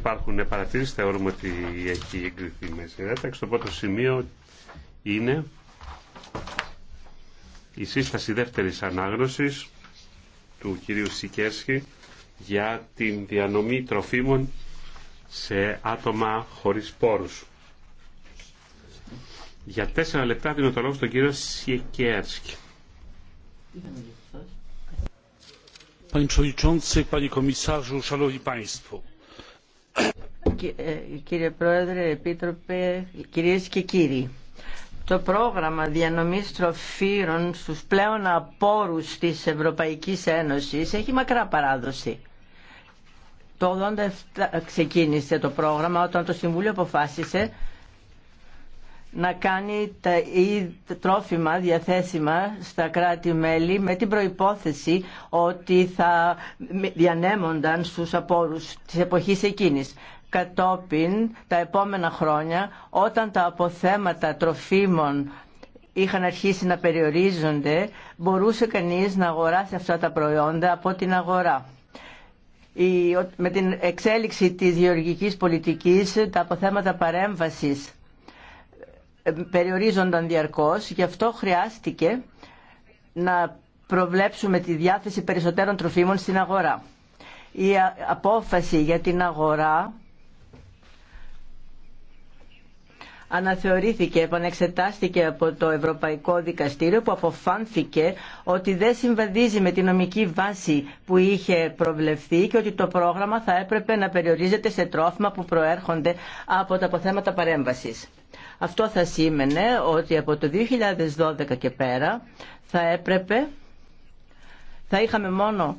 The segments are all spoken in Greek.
υπάρχουν παρατηρήσει θεωρούμε ότι έχει εγκριθεί μέσα διάταξη. Το πρώτο σημείο είναι η σύσταση δεύτερης ανάγνωσης του κυρίου Σικέρσκη για την διανομή τροφίμων σε άτομα χωρίς πόρους. Για τέσσερα λεπτά δίνω το λόγο στον κύριο Σικέρσκη. Panie Przewodniczący, Panie Komisarzu, Szanowni Państwo. Ε, κύριε Πρόεδρε, Επίτροπε, κυρίες και κύριοι. Το πρόγραμμα διανομής τροφίρων στους πλέον απόρους της Ευρωπαϊκής Ένωσης έχει μακρά παράδοση. Το 1987 ξεκίνησε το πρόγραμμα όταν το Συμβούλιο αποφάσισε να κάνει τα τρόφιμα διαθέσιμα στα κράτη-μέλη με την προϋπόθεση ότι θα διανέμονταν στους απόρους της εποχής εκείνης. Κατόπιν, τα επόμενα χρόνια, όταν τα αποθέματα τροφίμων είχαν αρχίσει να περιορίζονται, μπορούσε κανείς να αγοράσει αυτά τα προϊόντα από την αγορά. με την εξέλιξη της γεωργικής πολιτικής, τα αποθέματα παρέμβασης ε, περιορίζονταν διαρκώς, γι' αυτό χρειάστηκε να προβλέψουμε τη διάθεση περισσότερων τροφίμων στην αγορά. Η ε, απόφαση για την αγορά αναθεωρήθηκε, επανεξετάστηκε από το Ευρωπαϊκό Δικαστήριο που αποφάνθηκε ότι δεν συμβαδίζει με την νομική βάση που είχε προβλεφθεί και ότι το πρόγραμμα θα έπρεπε να περιορίζεται σε τρόφιμα που προέρχονται από τα αποθέματα παρέμβασης. Αυτό θα σήμαινε ότι από το 2012 και πέρα θα έπρεπε, θα είχαμε μόνο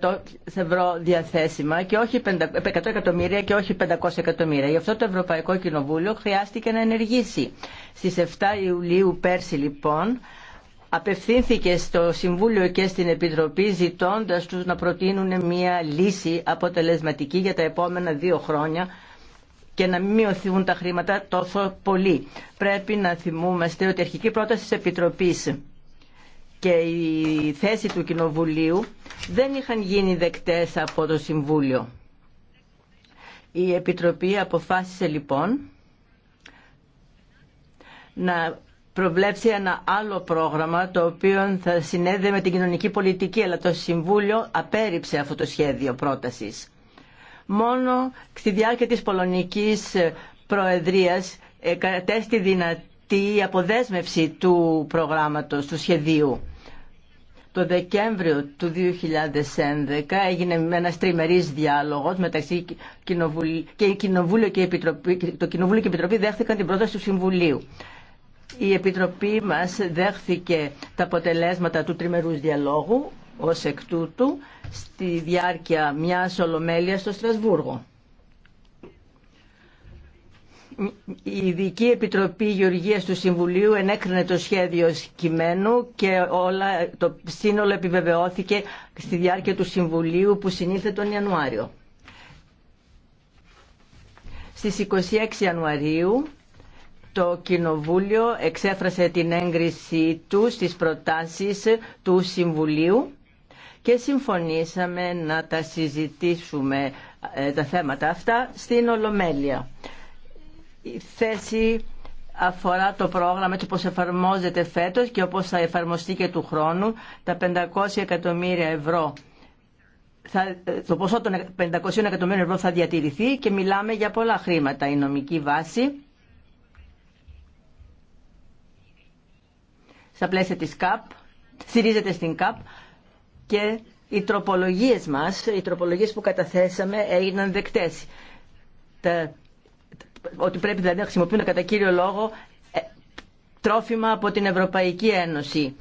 100 ευρώ διαθέσιμα και όχι 100 εκατομμύρια και όχι 500 εκατομμύρια. Γι' αυτό το Ευρωπαϊκό Κοινοβούλιο χρειάστηκε να ενεργήσει. Στις 7 Ιουλίου πέρσι λοιπόν απευθύνθηκε στο Συμβούλιο και στην Επιτροπή ζητώντας τους να προτείνουν μια λύση αποτελεσματική για τα επόμενα δύο χρόνια και να μην μειωθούν τα χρήματα τόσο πολύ. Πρέπει να θυμούμαστε ότι η αρχική πρόταση της Επιτροπής και η θέση του Κοινοβουλίου δεν είχαν γίνει δεκτές από το Συμβούλιο. Η Επιτροπή αποφάσισε λοιπόν να προβλέψει ένα άλλο πρόγραμμα το οποίο θα συνέδε με την κοινωνική πολιτική αλλά το Συμβούλιο απέρριψε αυτό το σχέδιο πρότασης. Μόνο στη διάρκεια της πολωνικής προεδρίας ε, κατέστη δυνατή η αποδέσμευση του προγράμματος, του σχεδίου. Το Δεκέμβριο του 2011 έγινε ένα τριμερή διάλογο μεταξύ και, και Επιτροπή, το Κοινοβούλιο και η Επιτροπή δέχθηκαν την πρόταση του Συμβουλίου. Η Επιτροπή μας δέχθηκε τα αποτελέσματα του τριμερούς διαλόγου ως εκ τούτου στη διάρκεια μιας ολομέλειας στο Στρασβούργο. Η Ειδική Επιτροπή Γεωργίας του Συμβουλίου ενέκρινε το σχέδιο κειμένου και όλα, το σύνολο επιβεβαιώθηκε στη διάρκεια του Συμβουλίου που συνήλθε τον Ιανουάριο. Στις 26 Ιανουαρίου το Κοινοβούλιο εξέφρασε την έγκρισή του στις προτάσεις του Συμβουλίου και συμφωνήσαμε να τα συζητήσουμε ε, τα θέματα αυτά στην Ολομέλεια. Η θέση αφορά το πρόγραμμα και πώς εφαρμόζεται φέτος και όπως θα εφαρμοστεί και του χρόνου τα 500 εκατομμύρια ευρώ. Θα, ε, το ποσό των 500 εκατομμύρων ευρώ θα διατηρηθεί και μιλάμε για πολλά χρήματα. Η νομική βάση στα της ΚΑΠ, στηρίζεται στην ΚΑΠ και οι τροπολογίες μας, οι τροπολογίες που καταθέσαμε έγιναν δεκτές. Τα, ότι πρέπει δηλαδή να χρησιμοποιούν κατά κύριο λόγο ε, τρόφιμα από την Ευρωπαϊκή Ένωση.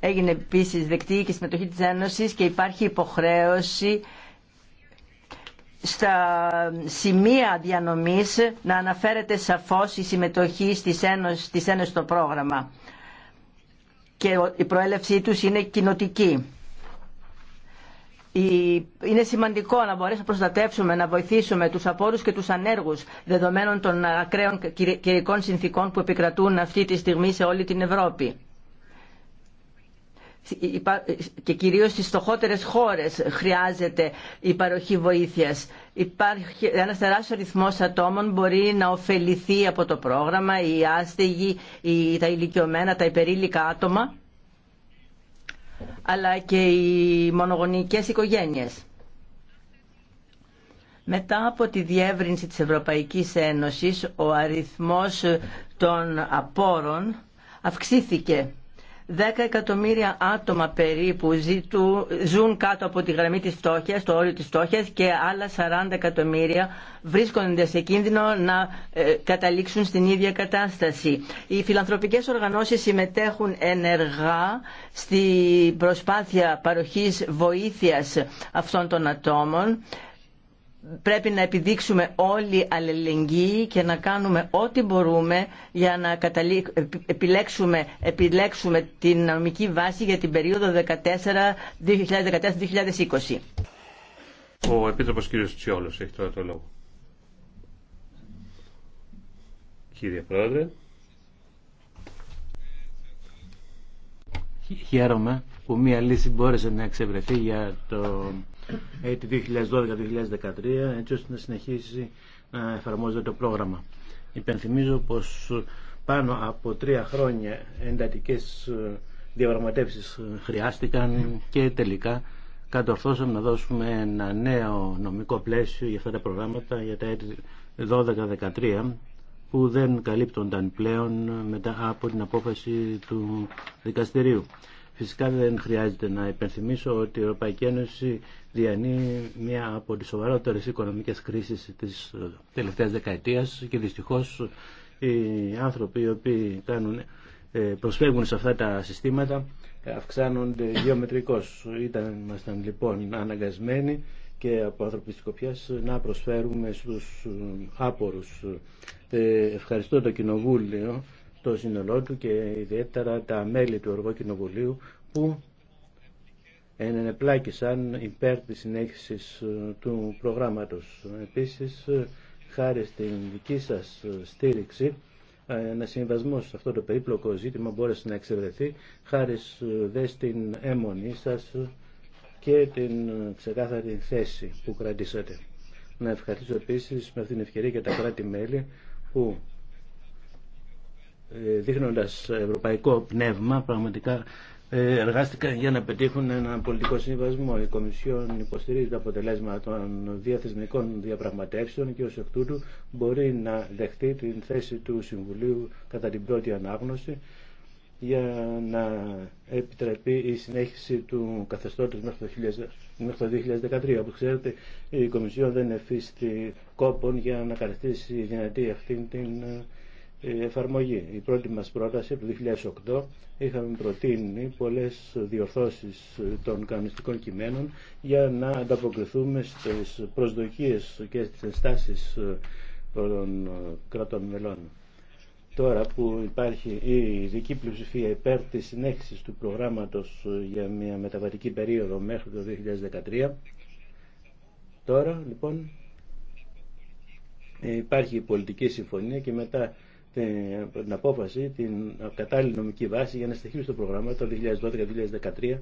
Έγινε επίσης δεκτή και συμμετοχή της Ένωσης και υπάρχει υποχρέωση στα σημεία διανομής να αναφέρεται σαφώς η συμμετοχή της Ένωση της στο πρόγραμμα και η προέλευσή τους είναι κοινοτική. Είναι σημαντικό να μπορέσουμε να προστατεύσουμε, να βοηθήσουμε τους απόρους και τους ανέργους δεδομένων των ακραίων καιρικών συνθήκων που επικρατούν αυτή τη στιγμή σε όλη την Ευρώπη και κυρίως στις στοχότερες χώρες χρειάζεται η παροχή βοήθειας. Υπάρχει ένας τεράστιος ρυθμός ατόμων μπορεί να ωφεληθεί από το πρόγραμμα, οι άστεγοι, τα ηλικιωμένα, τα υπερήλικα άτομα, αλλά και οι μονογονικές οικογένειες. Μετά από τη διεύρυνση της Ευρωπαϊκής Ένωσης, ο αριθμός των απόρων αυξήθηκε 10 εκατομμύρια άτομα περίπου ζητού, ζουν κάτω από τη γραμμή της φτώχειας, το όριο της φτώχειας και άλλα 40 εκατομμύρια βρίσκονται σε κίνδυνο να ε, καταλήξουν στην ίδια κατάσταση. Οι φιλανθρωπικές οργανώσεις συμμετέχουν ενεργά στη προσπάθεια παροχής βοήθειας αυτών των ατόμων πρέπει να επιδείξουμε όλοι αλληλεγγύη και να κάνουμε ό,τι μπορούμε για να επιλέξουμε, επιλέξουμε την νομική βάση για την περίοδο 2014-2020. Ο Επίτροπος κ. Τσιόλος έχει τώρα το λόγο. Κύριε Πρόεδρε. Χαίρομαι που μία λύση μπόρεσε να εξευρεθεί για το έτη ε, 2012-2013 έτσι ώστε να συνεχίσει να εφαρμόζεται το πρόγραμμα. Υπενθυμίζω πως πάνω από τρία χρόνια εντατικές ε, διαπραγματεύσεις ε, χρειάστηκαν και τελικά κατορθώσαμε να δώσουμε ένα νέο νομικό πλαίσιο για αυτά τα προγράμματα για τα έτη 12-13 που δεν καλύπτονταν πλέον μετά από την απόφαση του δικαστηρίου. Φυσικά δεν χρειάζεται να υπενθυμίσω ότι η Ευρωπαϊκή Ένωση διανύει μία από τις σοβαρότερες οικονομικές κρίσεις της τελευταίας δεκαετίας και δυστυχώς οι άνθρωποι οι οποίοι κάνουν, ε, προσφεύγουν σε αυτά τα συστήματα αυξάνονται γεωμετρικώς. Ήταν, ήμασταν λοιπόν αναγκασμένοι και από ανθρωπιστικοπιάς να προσφέρουμε στους ε, άπορους. Ε, ευχαριστώ το Κοινοβούλιο το σύνολό του και ιδιαίτερα τα μέλη του Εργοκοινοβουλίου Κοινοβουλίου που ενεπλάκησαν υπέρ της συνέχισης ε, του προγράμματος. Επίσης, ε, χάρη στην δική σας στήριξη, ε, ένα συμβασμό σε αυτό το περίπλοκο ζήτημα μπόρεσε να εξευρεθεί χάρη δε στην έμονή σας και την ξεκάθαρη θέση που κρατήσατε. Να ευχαριστήσω επίσης με αυτήν την ευκαιρία και τα κράτη-μέλη που ε, δείχνοντας ευρωπαϊκό πνεύμα πραγματικά ε, εργάστηκαν για να πετύχουν ένα πολιτικό συμβασμό. Η Κομισιόν υποστηρίζει τα αποτελέσματα των διαθεσμικών διαπραγματεύσεων και ως εκ τούτου μπορεί να δεχτεί την θέση του Συμβουλίου κατά την πρώτη ανάγνωση για να επιτρεπεί η συνέχιση του καθεστώτος μέχρι το 2013. Όπως ξέρετε, η Κομισιόν δεν εφίστη κόπον για να καταστήσει δυνατή αυτή την ε, ε, εφαρμογή. Η πρώτη μας πρόταση το 2008 είχαμε προτείνει πολλές διορθώσεις ε, των κανονιστικών κειμένων για να ανταποκριθούμε στις προσδοκίες και στις ενστάσεις ε, των κρατών μελών. Τώρα που υπάρχει η δική πλειοψηφία υπέρ της συνέχισης του προγράμματος για μια μεταβατική περίοδο μέχρι το 2013, τώρα λοιπόν υπάρχει η πολιτική συμφωνία και μετά την απόφαση, την κατάλληλη νομική βάση για να στοιχείψει το πρόγραμμα το 2012-2013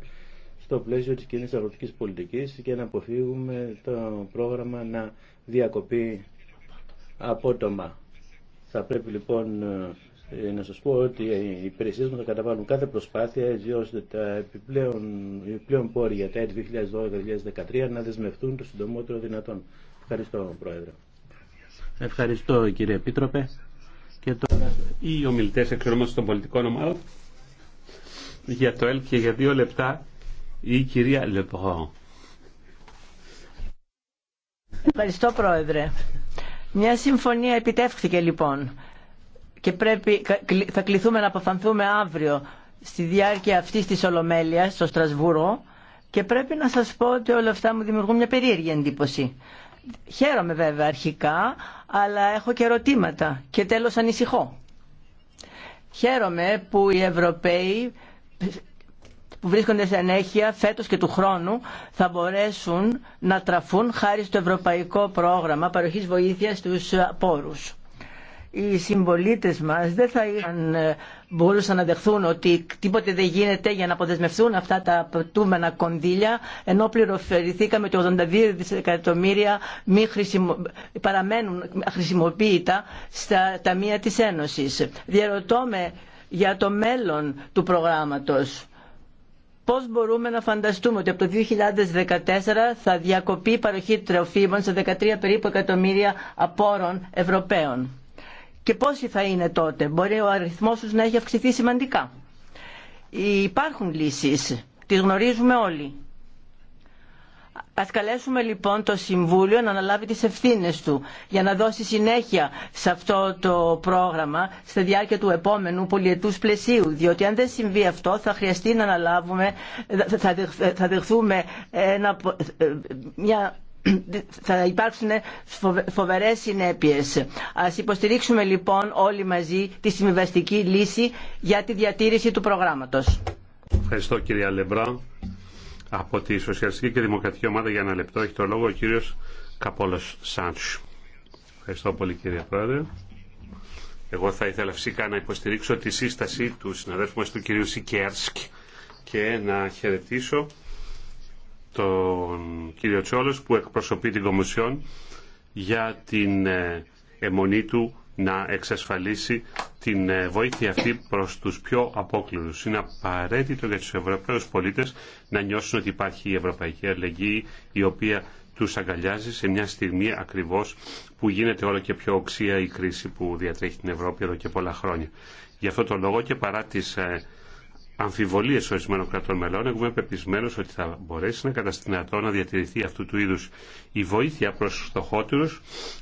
στο πλαίσιο της κοινή αγροτικής πολιτικής και να αποφύγουμε το πρόγραμμα να διακοπεί απότομα. Θα πρέπει λοιπόν ε, να σας πω ότι οι υπηρεσίες μα θα καταβάλουν κάθε προσπάθεια έτσι ώστε τα επιπλέον, επιπλέον πόροι για τα έτη 2012-2013 να δεσμευτούν το συντομότερο δυνατόν. Ευχαριστώ Πρόεδρε. Ευχαριστώ κύριε Επίτροπε. Και τώρα οι ομιλητές εξορμός των πολιτικών ομάδων για το ΕΛ και για δύο λεπτά η κυρία Λεπρό. Ευχαριστώ Πρόεδρε. Μια συμφωνία επιτεύχθηκε λοιπόν και πρέπει, θα κληθούμε να αποφανθούμε αύριο στη διάρκεια αυτή της Ολομέλειας στο Στρασβούρο και πρέπει να σας πω ότι όλα αυτά μου δημιουργούν μια περίεργη εντύπωση. Χαίρομαι βέβαια αρχικά, αλλά έχω και ερωτήματα και τέλος ανησυχώ. Χαίρομαι που οι Ευρωπαίοι που βρίσκονται σε ανέχεια φέτος και του χρόνου θα μπορέσουν να τραφούν χάρη στο Ευρωπαϊκό Πρόγραμμα Παροχής Βοήθειας στους Πόρους οι συμπολίτε μας δεν θα είχαν, ε, μπορούσαν να δεχθούν ότι τίποτε δεν γίνεται για να αποδεσμευθούν αυτά τα απαιτούμενα κονδύλια ενώ πληροφερηθήκαμε ότι 82 δισεκατομμύρια μη χρησιμο, παραμένουν χρησιμοποιητά στα ταμεία της Ένωσης. Διαρωτώ για το μέλλον του προγράμματος. Πώς μπορούμε να φανταστούμε ότι από το 2014 θα διακοπεί η παροχή τροφίμων σε 13 περίπου εκατομμύρια απόρων Ευρωπαίων. Και πόσοι θα είναι τότε. Μπορεί ο αριθμός τους να έχει αυξηθεί σημαντικά. Υπάρχουν λύσεις. Τις γνωρίζουμε όλοι. Ας καλέσουμε λοιπόν το Συμβούλιο να αναλάβει τις ευθύνες του για να δώσει συνέχεια σε αυτό το πρόγραμμα στη διάρκεια του επόμενου πολιετούς πλαισίου διότι αν δεν συμβεί αυτό θα χρειαστεί να αναλάβουμε, θα δεχθούμε ε, μια θα υπάρξουν φοβερές συνέπειες. Ας υποστηρίξουμε λοιπόν όλοι μαζί τη συμβιβαστική λύση για τη διατήρηση του προγράμματος. Ευχαριστώ κυρία Λεμπρά. Από τη Σοσιαλιστική και Δημοκρατική Ομάδα για ένα λεπτό έχει το λόγο ο κύριος Καπόλος Σάντσου. Ευχαριστώ πολύ κύριε Πρόεδρε. Εγώ θα ήθελα φυσικά να υποστηρίξω τη σύσταση του συναδέλφου μας του κυρίου Σικέρσκ και να χαιρετήσω τον κύριο Τσόλος που εκπροσωπεί την Κομισιόν για την ε, αιμονή του να εξασφαλίσει την ε, βοήθεια αυτή προς τους πιο απόκληρους. Είναι απαραίτητο για τους Ευρωπαίους πολίτες να νιώσουν ότι υπάρχει η Ευρωπαϊκή Αλληλεγγύη η οποία τους αγκαλιάζει σε μια στιγμή ακριβώς που γίνεται όλο και πιο οξία η κρίση που διατρέχει την Ευρώπη εδώ και πολλά χρόνια. Γι' αυτό το λόγο και παρά τις ε, αμφιβολίε ορισμένων κρατών μελών, εγώ είμαι πεπισμένο ότι θα μπορέσει να καταστηνατώ να διατηρηθεί αυτού του είδου η βοήθεια προς του φτωχότερου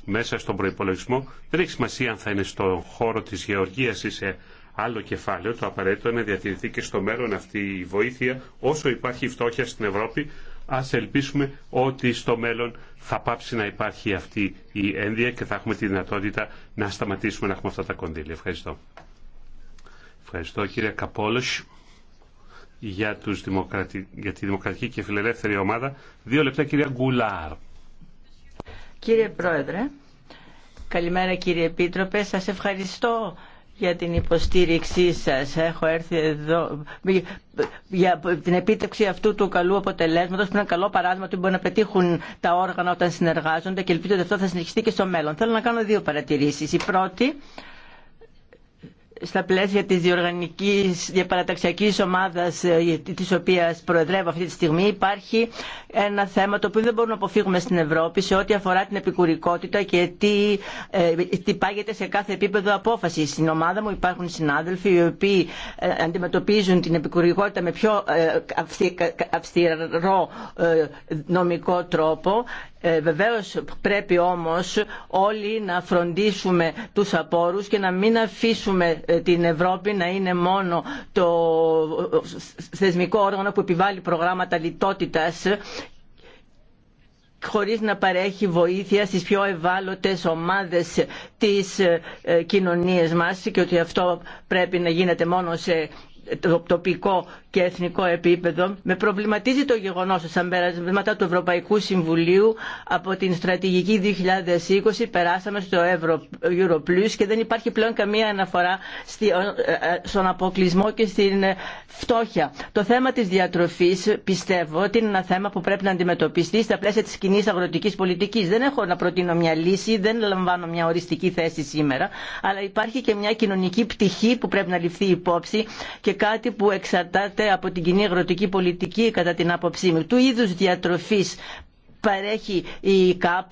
μέσα στον προπολογισμό. Δεν έχει σημασία αν θα είναι στον χώρο τη γεωργία ή σε άλλο κεφάλαιο. Το απαραίτητο είναι να διατηρηθεί και στο μέλλον αυτή η βοήθεια όσο υπάρχει φτώχεια στην Ευρώπη. Α ελπίσουμε ότι στο μέλλον θα πάψει να υπάρχει αυτή η ένδια και θα έχουμε τη δυνατότητα να σταματήσουμε να έχουμε αυτά τα κονδύλια. Ευχαριστώ. Ευχαριστώ κύριε Καπόλος για, τους δημοκρατι... για τη Δημοκρατική και Φιλελεύθερη Ομάδα. Δύο λεπτά κυρία Γκουλάρ. Κύριε Πρόεδρε, καλημέρα κύριε Επίτροπε. Σας ευχαριστώ για την υποστήριξή σας. Έχω έρθει εδώ για την επίτευξη αυτού του καλού αποτελέσματος που είναι ένα καλό παράδειγμα ότι μπορεί να πετύχουν τα όργανα όταν συνεργάζονται και ελπίζω ότι αυτό θα συνεχιστεί και στο μέλλον. Θέλω να κάνω δύο παρατηρήσεις. Η πρώτη στα πλαίσια της διοργανικής διαπαραταξιακής ομάδας ε, της οποίας προεδρεύω αυτή τη στιγμή υπάρχει ένα θέμα το οποίο δεν μπορούμε να αποφύγουμε στην Ευρώπη σε ό,τι αφορά την επικουρικότητα και τι, ε, τι πάγεται σε κάθε επίπεδο απόφαση. Στην ομάδα μου υπάρχουν συνάδελφοι οι οποίοι ε, αντιμετωπίζουν την επικουρικότητα με πιο αυστηρό νομικό τρόπο ε, πρέπει όμως όλοι να φροντίσουμε τους απόρους και να μην αφήσουμε ε, την Ευρώπη να είναι μόνο το ε, θεσμικό όργανο που επιβάλλει προγράμματα λιτότητας χωρίς να παρέχει βοήθεια στις πιο ευάλωτες ομάδες της ε, κοινωνίας μας και ότι αυτό πρέπει να γίνεται μόνο σε το τοπικό και εθνικό επίπεδο. Με προβληματίζει το γεγονό ότι σαν πέρασματα του Ευρωπαϊκού Συμβουλίου από την στρατηγική 2020 περάσαμε στο Europlus και δεν υπάρχει πλέον καμία αναφορά ε, ε, στον αποκλεισμό και στην ε, φτώχεια. Το θέμα της διατροφής πιστεύω ότι είναι ένα θέμα που πρέπει να αντιμετωπιστεί στα πλαίσια της κοινή αγροτικής πολιτικής. Δεν έχω να προτείνω μια λύση, δεν λαμβάνω μια οριστική θέση σήμερα, αλλά υπάρχει και μια κοινωνική πτυχή που πρέπει να ληφθεί υπόψη και κάτι που εξαρτάται από την κοινή αγροτική πολιτική κατά την άποψή μου. Του είδους διατροφής παρέχει η ΚΑΠ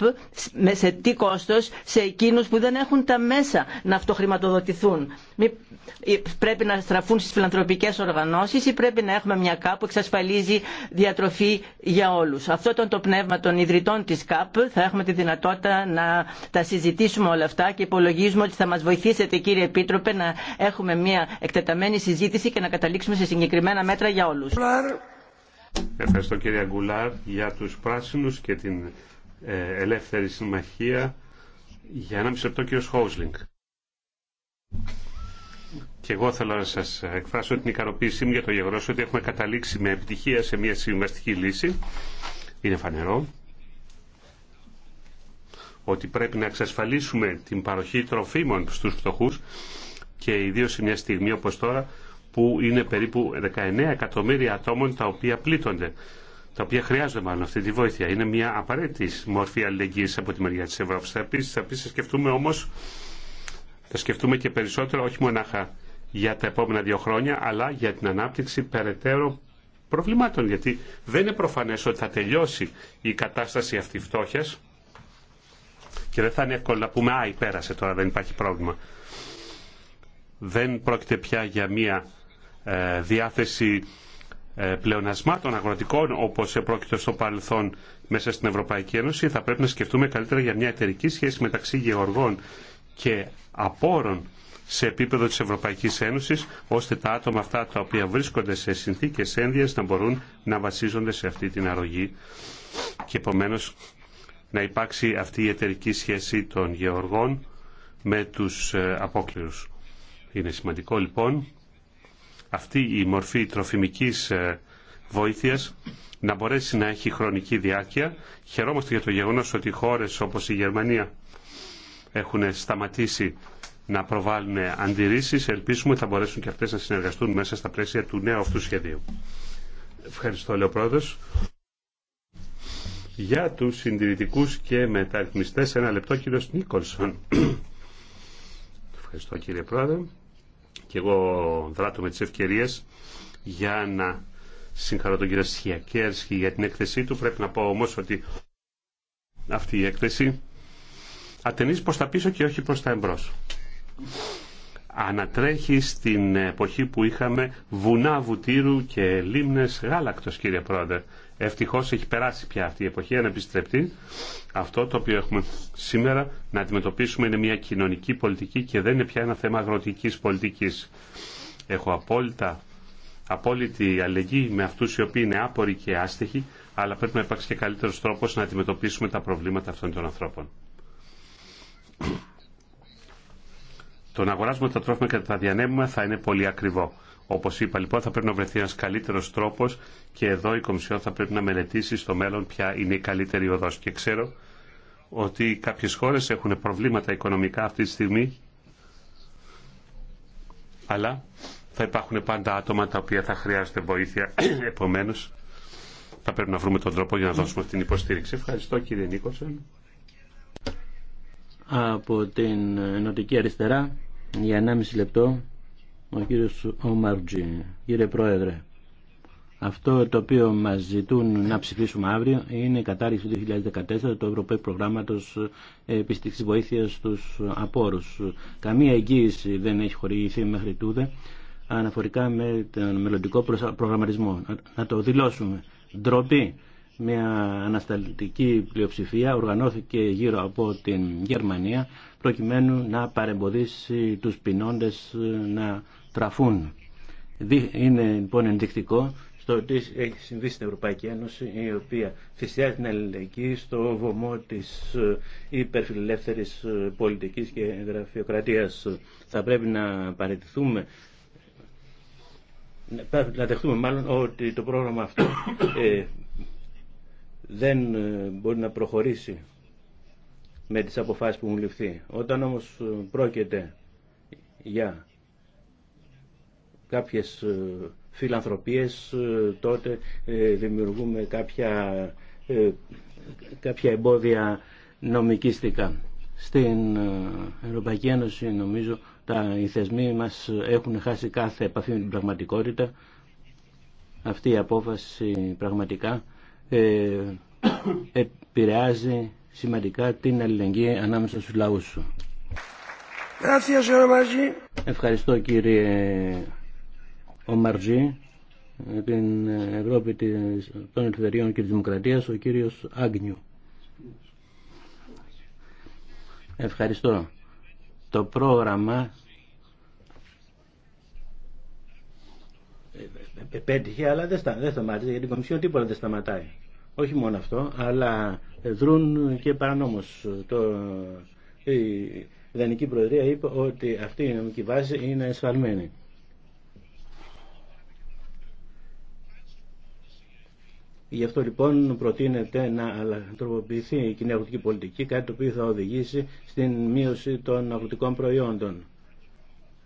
με σε τι κόστος σε εκείνους που δεν έχουν τα μέσα να αυτοχρηματοδοτηθούν. Πρέπει να στραφούν στις φιλανθρωπικές οργανώσεις ή πρέπει να έχουμε μια ΚΑΠ που εξασφαλίζει διατροφή για όλους. Αυτό ήταν το πνεύμα των ιδρυτών της ΚΑΠ. Θα έχουμε τη δυνατότητα να τα συζητήσουμε όλα αυτά και υπολογίζουμε ότι θα μας βοηθήσετε κύριε Επίτροπε να έχουμε μια εκτεταμένη συζήτηση και να καταλήξουμε σε συγκεκριμένα μέτρα για όλους. Ευχαριστώ κύριε Αγκουλάρ για τους πράσινους και την ε, ελεύθερη συμμαχία για ένα μισό λεπτό κύριος Χόουσλινγκ. Και εγώ θέλω να σας εκφράσω την ικανοποίησή μου για το γεγονός ότι έχουμε καταλήξει με επιτυχία σε μια συμβαστική λύση. Είναι φανερό ότι πρέπει να εξασφαλίσουμε την παροχή τροφίμων στους φτωχούς και ιδίως σε μια στιγμή όπως τώρα που είναι περίπου 19 εκατομμύρια ατόμων τα οποία πλήττονται, τα οποία χρειάζονται μάλλον αυτή τη βοήθεια. Είναι μια απαραίτητη μορφή αλληλεγγύη από τη μεριά τη Ευρώπη. Θα πει, θα σκεφτούμε όμω θα σκεφτούμε και περισσότερο, όχι μονάχα για τα επόμενα δύο χρόνια, αλλά για την ανάπτυξη περαιτέρω προβλημάτων. Γιατί δεν είναι προφανέ ότι θα τελειώσει η κατάσταση αυτή φτώχεια. Και δεν θα είναι εύκολο να πούμε «Α, υπέρασε τώρα, δεν υπάρχει πρόβλημα». Δεν πρόκειται πια για μία ε, διάθεση ε, πλεονασμάτων αγροτικών όπως επρόκειτο στο παρελθόν μέσα στην Ευρωπαϊκή Ένωση θα πρέπει να σκεφτούμε καλύτερα για μια εταιρική σχέση μεταξύ γεωργών και απόρων σε επίπεδο της Ευρωπαϊκής Ένωσης ώστε τα άτομα αυτά τα οποία βρίσκονται σε συνθήκες ένδυας να μπορούν να βασίζονται σε αυτή την αρρωγή και επομένω να υπάρξει αυτή η εταιρική σχέση των γεωργών με τους ε, απόκληρους. Είναι σημαντικό λοιπόν αυτή η μορφή τροφιμικής ε, βοήθειας να μπορέσει να έχει χρονική διάρκεια. Χαιρόμαστε για το γεγονός ότι χώρες όπως η Γερμανία έχουν σταματήσει να προβάλλουν αντιρρήσεις. Ελπίζουμε θα μπορέσουν και αυτές να συνεργαστούν μέσα στα πλαίσια του νέου αυτού σχεδίου. Ευχαριστώ, λέω πρόεδρος. Για τους συντηρητικούς και μεταρρυθμιστές, ένα λεπτό κύριος Νίκολσον. Ευχαριστώ κύριε πρόεδρε και εγώ δράτω με τις ευκαιρίες για να συγχαρώ τον κύριο Σιακέρσκι για την έκθεσή του. Πρέπει να πω όμως ότι αυτή η έκθεση ατενίζει προς τα πίσω και όχι προς τα εμπρός. Ανατρέχει στην εποχή που είχαμε βουνά βουτύρου και λίμνες γάλακτος κύριε Πρόεδρε. Ευτυχώς έχει περάσει πια αυτή η εποχή, αν επιστρεπτεί. Αυτό το οποίο έχουμε σήμερα να αντιμετωπίσουμε είναι μια κοινωνική πολιτική και δεν είναι πια ένα θέμα αγροτικής πολιτικής. Έχω απόλυτα, απόλυτη αλληλεγγύη με αυτούς οι οποίοι είναι άποροι και άστοιχοι αλλά πρέπει να υπάρξει και καλύτερος τρόπος να αντιμετωπίσουμε τα προβλήματα αυτών των ανθρώπων. Το να αγοράζουμε τα τρόφιμα και τα διανέμουμε θα είναι πολύ ακριβό. Όπω είπα λοιπόν θα πρέπει να βρεθεί ένα καλύτερο τρόπο και εδώ η Κομισιόν θα πρέπει να μελετήσει στο μέλλον ποια είναι η καλύτερη οδό. Και ξέρω ότι κάποιε χώρε έχουν προβλήματα οικονομικά αυτή τη στιγμή αλλά θα υπάρχουν πάντα άτομα τα οποία θα χρειάζονται βοήθεια. επομένω. θα πρέπει να βρούμε τον τρόπο για να δώσουμε την υποστήριξη. Ευχαριστώ κύριε Νίκολσον. Από την Ενωτική Αριστερά για 1,5 λεπτό ο κύριος Ομαρτζή, κύριε Πρόεδρε, αυτό το οποίο μας ζητούν να ψηφίσουμε αύριο είναι η του 2014 του Ευρωπαϊκού Προγράμματος Επιστήξης Βοήθειας στους Απόρους. Καμία εγγύηση δεν έχει χορηγηθεί μέχρι τούδε αναφορικά με τον μελλοντικό προγραμματισμό. Να το δηλώσουμε. Ντροπή. Μια ανασταλτική πλειοψηφία οργανώθηκε γύρω από την Γερμανία προκειμένου να παρεμποδίσει τους ποινώντε να τραφούν. Είναι λοιπόν ενδεικτικό στο ότι έχει συμβεί στην Ευρωπαϊκή Ένωση η οποία θυσιάζει την αλληλεγγύη στο βωμό της ε, υπερφιλελεύθερης ε, πολιτικής και γραφειοκρατίας. Θα πρέπει να παραιτηθούμε να δεχτούμε μάλλον ότι το πρόγραμμα αυτό ε, δεν μπορεί να προχωρήσει με τις αποφάσεις που μου ληφθεί. Όταν όμως πρόκειται για κάποιες ε, φιλανθρωπίες ε, τότε ε, δημιουργούμε κάποια, κάποια εμπόδια νομικίστικα. Στην Ευρωπαϊκή Ένωση νομίζω τα, οι θεσμοί μας έχουν χάσει κάθε επαφή με την πραγματικότητα. Αυτή η απόφαση πραγματικά ε, επηρεάζει σημαντικά την αλληλεγγύη ανάμεσα στους λαούς σου. Ευχαριστώ κύριε ο Μαρτζή την Ευρώπη των Ελευθεριών και της Δημοκρατίας, ο κύριος Άγνιου. Ευχαριστώ. Το πρόγραμμα πέτυχε, αλλά δεν, στα, δεν σταμάτησε, γιατί η Κομισιόν τίποτα δεν σταματάει. Όχι μόνο αυτό, αλλά δρούν και παρανόμως. Το, η δανική Προεδρία είπε ότι αυτή η νομική βάση είναι εσφαλμένη. Γι' αυτό λοιπόν προτείνεται να τροποποιηθεί η κοινή αγροτική πολιτική, κάτι το οποίο θα οδηγήσει στην μείωση των αγροτικών προϊόντων.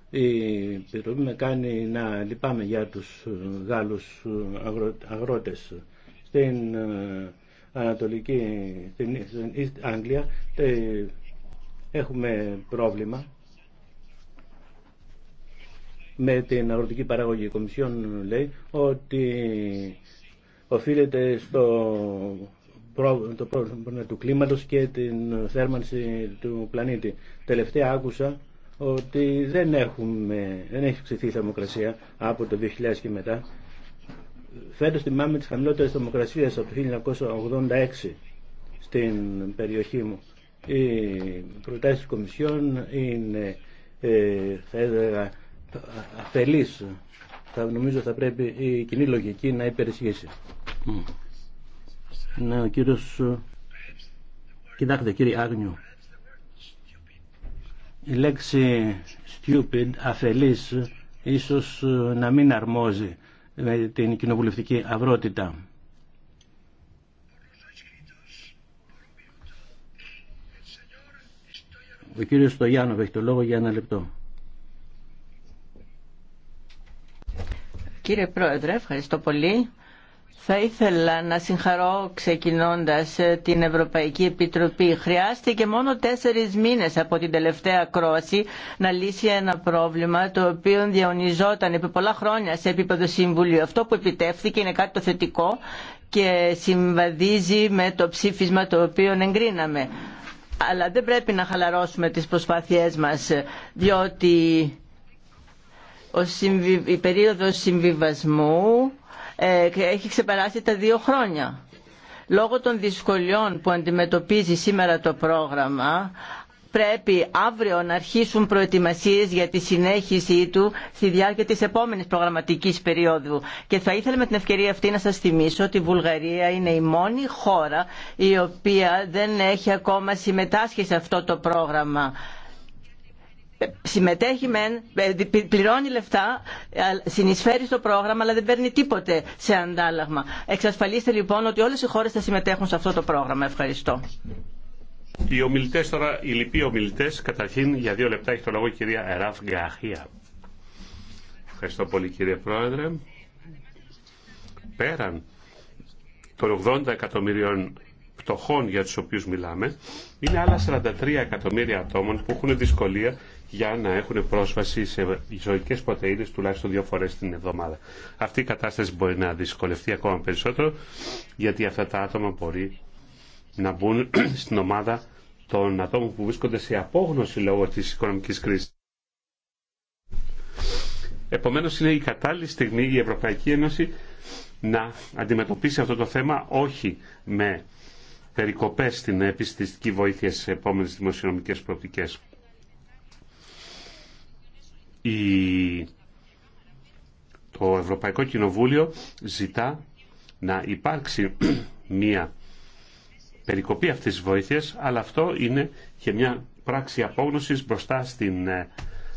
Η Επιτροπή με κάνει να λυπάμαι για τους ε, Γάλλους ε, αγρότες. Στην ε, Ανατολική, στην East Anglia έχουμε πρόβλημα με την αγροτική παραγωγή. Η Κομισιόν λέει ότι οφείλεται στο το πρόβλημα του κλίματος και την θέρμανση του πλανήτη. Τελευταία άκουσα ότι δεν, έχουμε, δεν έχει ψηθεί η θερμοκρασία από το 2000 και μετά. Φέτος θυμάμαι τις χαμηλότερες θερμοκρασίες από το 1986 στην περιοχή μου. Οι προτάσεις της Κομισιόν είναι, ε, θα έλεγα, αφελείς θα, νομίζω θα πρέπει η κοινή λογική να υπερισχύσει. Mm. Ναι, ο κύριος... Ε, κοιτάξτε κύριε Άγνιου. Η λέξη stupid, αφελής, ίσως ε, να μην αρμόζει με την κοινοβουλευτική αυρότητα. Ο κύριος Στογιάννοβ έχει το λόγο για ένα λεπτό. Κύριε Πρόεδρε, ευχαριστώ πολύ. Θα ήθελα να συγχαρώ ξεκινώντας ε, την Ευρωπαϊκή Επιτροπή. Χρειάστηκε μόνο τέσσερις μήνες από την τελευταία κρόση να λύσει ένα πρόβλημα το οποίο διαονιζόταν επί πολλά χρόνια σε επίπεδο Συμβουλίου. Αυτό που επιτεύθηκε είναι κάτι το θετικό και συμβαδίζει με το ψήφισμα το οποίο εγκρίναμε. Αλλά δεν πρέπει να χαλαρώσουμε τις προσπάθειές μας, διότι η περίοδος συμβιβασμού ε, έχει ξεπεράσει τα δύο χρόνια. Λόγω των δυσκολιών που αντιμετωπίζει σήμερα το πρόγραμμα, πρέπει αύριο να αρχίσουν προετοιμασίες για τη συνέχιση του στη διάρκεια της επόμενης προγραμματικής περίοδου. Και θα ήθελα με την ευκαιρία αυτή να σας θυμίσω ότι η Βουλγαρία είναι η μόνη χώρα η οποία δεν έχει ακόμα συμμετάσχει σε αυτό το πρόγραμμα συμμετέχει μεν, ε, πληρώνει λεφτά, συνεισφέρει στο πρόγραμμα, αλλά δεν παίρνει τίποτε σε αντάλλαγμα. Εξασφαλίστε λοιπόν ότι όλες οι χώρες θα συμμετέχουν σε αυτό το πρόγραμμα. Ευχαριστώ. Οι ομιλητέ τώρα, οι λοιποί ομιλητέ, καταρχήν για δύο λεπτά έχει το λόγο η κυρία Εράφ Γκαχία. Ευχαριστώ πολύ κύριε Πρόεδρε. Πέραν των 80 εκατομμυρίων πτωχών για τους οποίους μιλάμε, είναι άλλα 43 εκατομμύρια ατόμων που έχουν δυσκολία για να έχουν πρόσβαση σε ζωικές πρωτεΐνες τουλάχιστον δύο φορές την εβδομάδα. Αυτή η κατάσταση μπορεί να δυσκολευτεί ακόμα περισσότερο γιατί αυτά τα άτομα μπορεί να μπουν στην ομάδα των ατόμων που βρίσκονται σε απόγνωση λόγω της οικονομικής κρίσης. Επομένως είναι η κατάλληλη στιγμή η Ευρωπαϊκή Ένωση να αντιμετωπίσει αυτό το θέμα όχι με περικοπές στην επιστημιστική βοήθεια στις επόμενες δημοσιονομικές προοπτικές η... το Ευρωπαϊκό Κοινοβούλιο ζητά να υπάρξει μία περικοπή αυτής της βοήθειας, αλλά αυτό είναι και μια πράξη απόγνωσης μπροστά στην ε,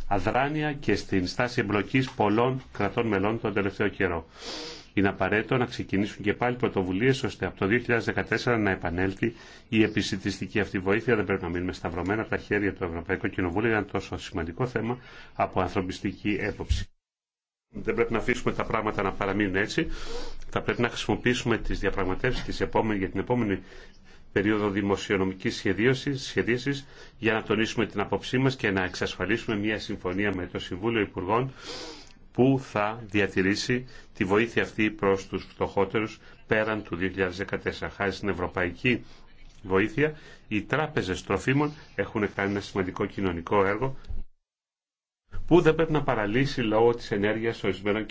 αδράνεια και στην στάση εμπλοκής πολλών κρατών μελών τον τελευταίο καιρό. Είναι απαραίτητο να ξεκινήσουν και πάλι πρωτοβουλίε ώστε από το 2014 να επανέλθει η επισητιστική αυτή βοήθεια. Δεν πρέπει να μείνουμε σταυρωμένα από τα χέρια του Ευρωπαϊκού Κοινοβούλου για ένα τόσο σημαντικό θέμα από ανθρωπιστική έποψη. Δεν πρέπει να αφήσουμε τα πράγματα να παραμείνουν έτσι. Θα πρέπει να χρησιμοποιήσουμε τι διαπραγματεύσει για την επόμενη περίοδο δημοσιονομικής σχεδίωσης για να τονίσουμε την απόψή μας και να εξασφαλίσουμε μια συμφωνία με το Συμβούλιο Υπουργών που θα διατηρήσει τη βοήθεια αυτή προς τους φτωχότερους πέραν του 2014. Χάρη στην ευρωπαϊκή βοήθεια, οι τράπεζες τροφίμων έχουν κάνει ένα σημαντικό κοινωνικό έργο που δεν πρέπει να παραλύσει λόγω της ενέργειας ορισμένων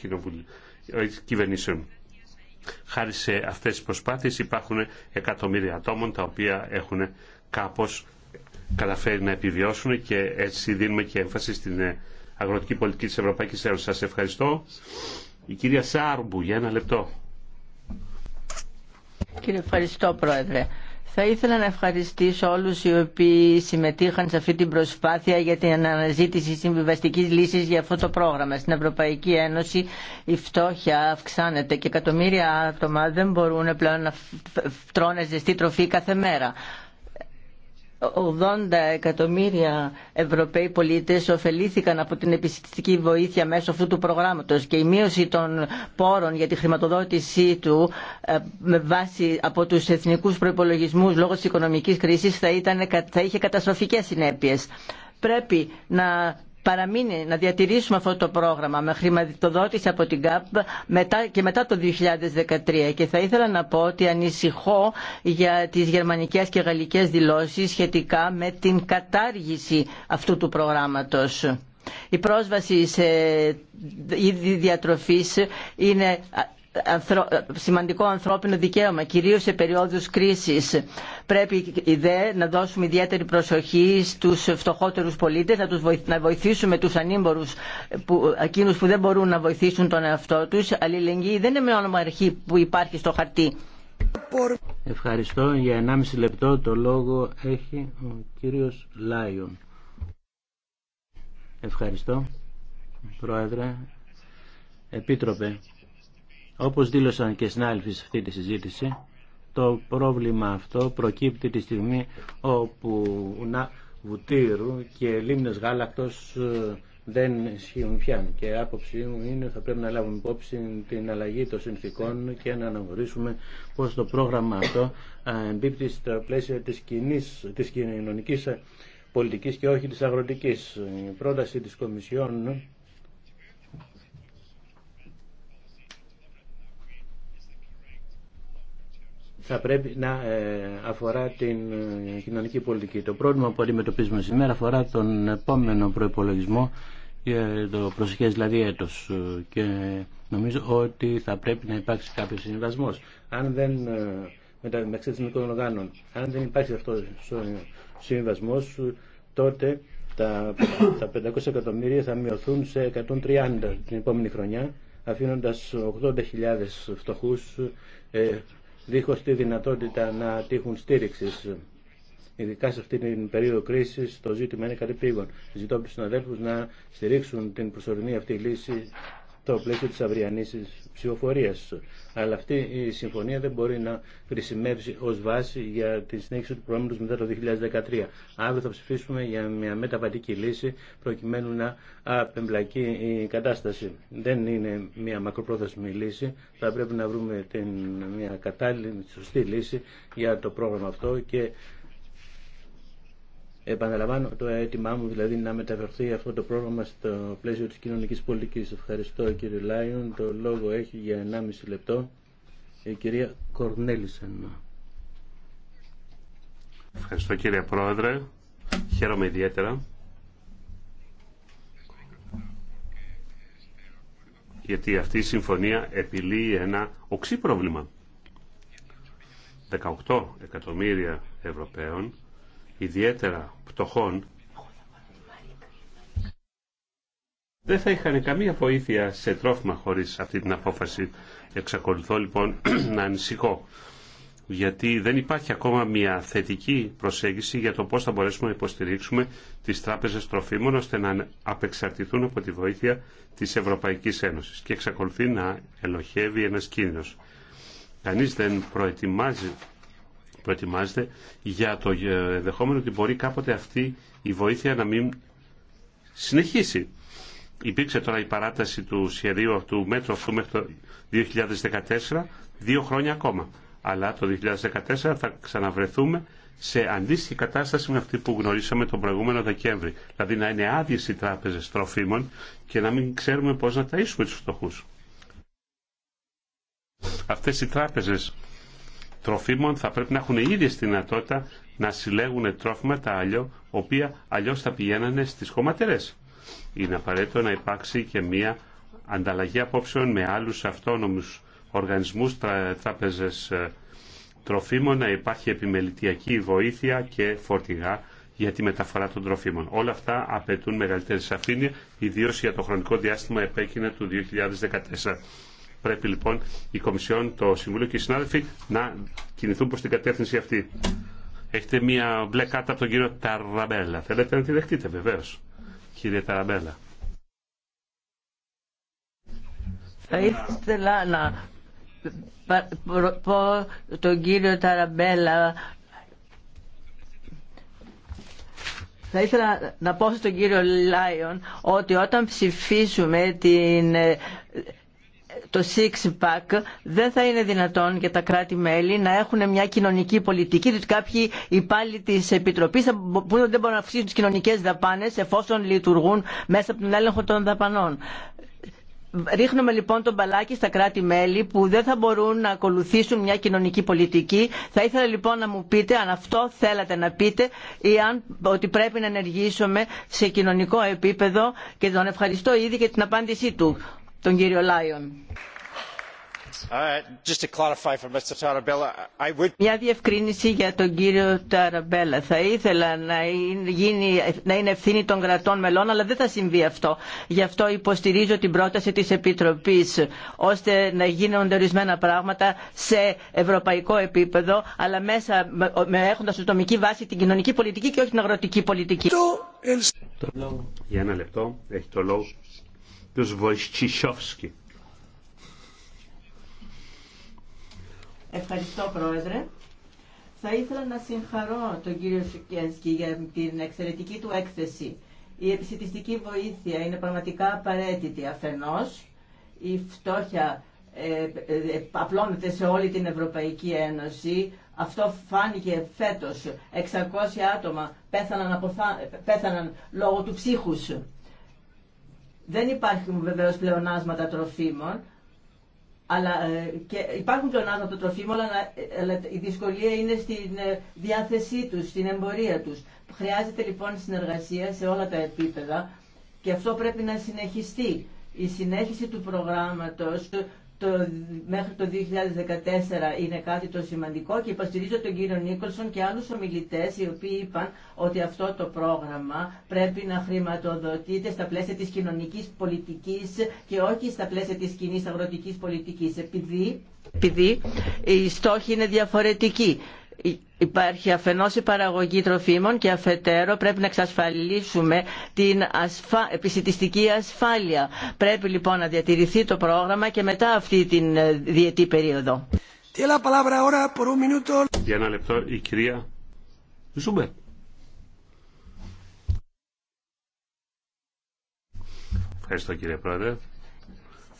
ε, κυβερνήσεων. Χάρη σε αυτές τις προσπάθειες υπάρχουν εκατομμύρια ατόμων τα οποία έχουν κάπως καταφέρει να επιβιώσουν και έτσι δίνουμε και έμφαση στην ε, αγροτική πολιτική της Ευρωπαϊκής Ένωσης. Σας ευχαριστώ. Η κυρία Σάρμπου για ένα λεπτό. Κύριε ευχαριστώ Πρόεδρε. Θα ήθελα να ευχαριστήσω όλους οι οποίοι συμμετείχαν σε αυτή την προσπάθεια για την αναζήτηση συμβιβαστικής λύση για αυτό το πρόγραμμα. Στην Ευρωπαϊκή Ένωση η φτώχεια αυξάνεται και εκατομμύρια άτομα δεν μπορούν πλέον να τρώνε ζεστή τροφή κάθε μέρα. 80 εκατομμύρια Ευρωπαίοι πολίτες ωφελήθηκαν από την επιστημική βοήθεια μέσω αυτού του προγράμματος και η μείωση των πόρων για τη χρηματοδότησή του ε, με βάση από τους εθνικούς προϋπολογισμούς λόγω της οικονομικής κρίσης θα, ήταν, θα είχε καταστροφικές συνέπειες. Πρέπει να παραμείνει, να διατηρήσουμε αυτό το πρόγραμμα με χρηματοδότηση από την ΚΑΠ και μετά το 2013. Και θα ήθελα να πω ότι ανησυχώ για τις γερμανικές και γαλλικές δηλώσεις σχετικά με την κατάργηση αυτού του προγράμματος. Η πρόσβαση σε είδη διατροφής είναι σημαντικό ανθρώπινο δικαίωμα, κυρίως σε περιόδους κρίσης. Πρέπει δε να δώσουμε ιδιαίτερη προσοχή στους φτωχότερους πολίτες, να, τους να βοηθήσουμε τους ανήμπορους, που, που δεν μπορούν να βοηθήσουν τον εαυτό τους. Αλληλεγγύη δεν είναι με όνομα αρχή που υπάρχει στο χαρτί. Ευχαριστώ. Για 1,5 λεπτό το λόγο έχει ο κύριος Λάιον. Ευχαριστώ, Πρόεδρε. Επίτροπε, όπως δήλωσαν και συνάδελφοι σε αυτή τη συζήτηση, το πρόβλημα αυτό προκύπτει τη στιγμή όπου να βουτύρου και λίμνες γάλακτος ε, δεν ισχύουν πια. Και άποψή μου είναι ότι θα πρέπει να λάβουμε υπόψη την αλλαγή των συνθήκων και να αναγνωρίσουμε πως το πρόγραμμα αυτό ε, εμπίπτει στα πλαίσια της, κοινής, της κοινωνικής πολιτικής και όχι της αγροτικής. Η πρόταση της Κομισιόν θα πρέπει να ε, αφορά την ε, κοινωνική πολιτική. Το πρόβλημα που αντιμετωπίζουμε σήμερα αφορά τον επόμενο προπολογισμό για το προσεχές δηλαδή έτος ε, και νομίζω ότι θα πρέπει να υπάρξει κάποιος συμβασμός. Αν δεν, μεταξύ των οργάνων, αν δεν υπάρχει αυτός ο συμβασμός, τότε τα, τα 500 εκατομμύρια θα μειωθούν σε 130 την επόμενη χρονιά, αφήνοντας 80.000 φτωχούς δίχως τη δυνατότητα να τύχουν στήριξη. Ειδικά σε αυτή την περίοδο κρίση το ζήτημα είναι κατεπήγον. Ζητώ από του συναδέλφου να στηρίξουν την προσωρινή αυτή λύση το πλαίσιο της αυριανής ψηφοφορίας. Αλλά αυτή η συμφωνία δεν μπορεί να χρησιμεύσει ως βάση για τη συνέχιση του προγράμματος μετά το 2013. Αύριο θα ψηφίσουμε για μια μεταβατική λύση προκειμένου να απεμπλακεί η κατάσταση. Δεν είναι μια μακροπρόθεσμη λύση. Θα πρέπει να βρούμε μια κατάλληλη, σωστή λύση για το πρόγραμμα αυτό και Επαναλαμβάνω το αίτημά μου δηλαδή να μεταφερθεί αυτό το πρόγραμμα στο πλαίσιο της κοινωνικής πολιτικής. Ευχαριστώ κύριε Λάιον. Το λόγο έχει για 1,5 λεπτό η κυρία Κορνέλισεν. Ευχαριστώ κύριε Πρόεδρε. Χαίρομαι ιδιαίτερα. Γιατί αυτή η συμφωνία επιλύει ένα οξύ πρόβλημα. 18 εκατομμύρια Ευρωπαίων ιδιαίτερα πτωχών δεν θα είχαν καμία βοήθεια σε τρόφιμα χωρίς αυτή την απόφαση. Εξακολουθώ λοιπόν να ανησυχώ γιατί δεν υπάρχει ακόμα μια θετική προσέγγιση για το πώς θα μπορέσουμε να υποστηρίξουμε τις τράπεζες τροφίμων ώστε να απεξαρτηθούν από τη βοήθεια της Ευρωπαϊκής Ένωσης και εξακολουθεί να ελοχεύει ένας κίνδυνος. Κανείς δεν προετοιμάζει προετοιμάζεται για το ενδεχόμενο ότι μπορεί κάποτε αυτή η βοήθεια να μην συνεχίσει. Υπήρξε τώρα η παράταση του σχεδίου του μέτρου αυτού μέχρι το 2014, δύο χρόνια ακόμα. Αλλά το 2014 θα ξαναβρεθούμε σε αντίστοιχη κατάσταση με αυτή που γνωρίσαμε τον προηγούμενο Δεκέμβρη. Δηλαδή να είναι άδειε οι τράπεζε τροφίμων και να μην ξέρουμε πώ να ταΐσουμε του φτωχού. Αυτέ οι τράπεζε τροφίμων θα πρέπει να έχουν ίδιε δυνατότητα να συλλέγουν τρόφιμα τα αλλιώ, οποία αλλιώ θα πηγαίνανε στι χωματερέ. Είναι απαραίτητο να υπάρξει και μια ανταλλαγή απόψεων με άλλου αυτόνομου οργανισμού, τράπεζε ε, τροφίμων, να υπάρχει επιμελητιακή βοήθεια και φορτηγά για τη μεταφορά των τροφίμων. Όλα αυτά απαιτούν μεγαλύτερη σαφήνεια, ιδίω για το χρονικό διάστημα επέκεινα του 2014. Πρέπει λοιπόν η Κομισιόν, το Συμβούλιο και οι συνάδελφοι να κινηθούν προ την κατεύθυνση αυτή. Έχετε μία μπλε κάρτα από τον κύριο Ταραμπέλα. Θέλετε να τη δεχτείτε βεβαίω, κύριε Ταραμπέλα. Θα ήθελα να πω τον κύριο Ταραμπέλα θα ήθελα να πω στον κύριο Λάιον ότι όταν ψηφίσουμε την ε, το six pack δεν θα είναι δυνατόν για τα κράτη-μέλη να έχουν μια κοινωνική πολιτική, διότι κάποιοι υπάλληλοι τη Επιτροπή δεν μπορούν να αυξήσουν τι κοινωνικέ δαπάνε εφόσον λειτουργούν μέσα από τον έλεγχο των δαπανών. Ρίχνουμε λοιπόν τον μπαλάκι στα κράτη-μέλη που δεν θα μπορούν να ακολουθήσουν μια κοινωνική πολιτική. Θα ήθελα λοιπόν να μου πείτε αν αυτό θέλατε να πείτε ή αν ότι πρέπει να ενεργήσουμε σε κοινωνικό επίπεδο και τον ευχαριστώ ήδη για την απάντησή του τον κύριο Λάιον. Μια διευκρίνηση για τον κύριο Ταραμπέλα. Θα ήθελα να είναι ευθύνη των κρατών μελών, αλλά δεν θα συμβεί αυτό. Γι' αυτό υποστηρίζω την πρόταση της Επιτροπής, ώστε να γίνονται ορισμένα πράγματα σε ευρωπαϊκό επίπεδο, αλλά μέσα με έχοντας οτομική βάση την κοινωνική πολιτική και όχι την αγροτική πολιτική. Για ένα λεπτό έχει το λόγο τους Ευχαριστώ Πρόεδρε. Θα ήθελα να συγχαρώ τον κύριο Σουκένσκι για την εξαιρετική του έκθεση. Η επιστημιστική βοήθεια είναι πραγματικά απαραίτητη αφενός. Η φτώχεια ε, ε, απλώνεται σε όλη την Ευρωπαϊκή Ένωση. Αυτό φάνηκε φέτος. 600 άτομα πέθαναν, πέθαναν λόγω του ψύχους. Δεν υπάρχουν βεβαίω πλεονάσματα τροφίμων, αλλά ε, και υπάρχουν πλεονάσματα τροφίμων, αλλά, ε, αλλά η δυσκολία είναι στην ε, διάθεσή τους, στην εμπορία τους. Χρειάζεται λοιπόν συνεργασία σε όλα τα επίπεδα και αυτό πρέπει να συνεχιστεί. Η συνέχιση του προγράμματος το, μέχρι το 2014 είναι κάτι το σημαντικό και υποστηρίζω τον κύριο Νίκολσον και άλλους ομιλητές οι οποίοι είπαν ότι αυτό το πρόγραμμα πρέπει να χρηματοδοτείται στα πλαίσια της κοινωνικής πολιτικής και όχι στα πλαίσια της κοινής αγροτικής πολιτικής επειδή, επειδή οι στόχοι είναι διαφορετικοί Υπάρχει αφενός η παραγωγή τροφίμων και αφετέρου πρέπει να εξασφαλίσουμε την ασφα... επισητιστική ασφάλεια. Πρέπει λοιπόν να διατηρηθεί το πρόγραμμα και μετά αυτή την ε, διετή περίοδο. Για ένα λεπτό η κυρία Ζούμπερ. Ευχαριστώ κύριε Πρόεδρε.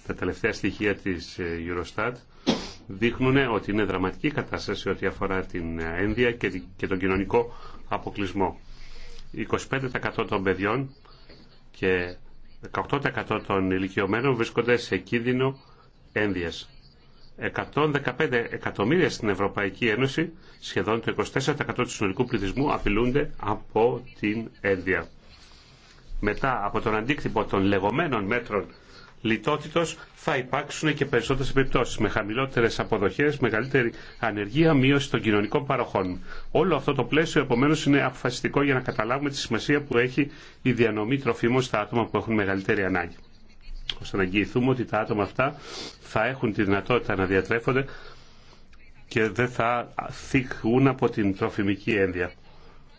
Τα τελευταία στοιχεία της ε, Eurostat δείχνουν ότι είναι δραματική κατάσταση ό,τι αφορά την ένδια και τον κοινωνικό αποκλεισμό. 25% των παιδιών και 18% των ηλικιωμένων βρίσκονται σε κίνδυνο ένδυας. 115 εκατομμύρια στην Ευρωπαϊκή Ένωση, σχεδόν το 24% του συνολικού πληθυσμού, απειλούνται από την ένδυα. Μετά από τον αντίκτυπο των λεγόμενων μέτρων λιτότητος θα υπάρξουν και περισσότερες επιπτώσεις με χαμηλότερες αποδοχές, μεγαλύτερη ανεργία, μείωση των κοινωνικών παροχών. Όλο αυτό το πλαίσιο επομένως είναι αποφασιστικό για να καταλάβουμε τη σημασία που έχει η διανομή τροφίμων στα άτομα που έχουν μεγαλύτερη ανάγκη ώστε να εγγυηθούμε ότι τα άτομα αυτά θα έχουν τη δυνατότητα να διατρέφονται και δεν θα θυγούν από την τροφιμική ένδια.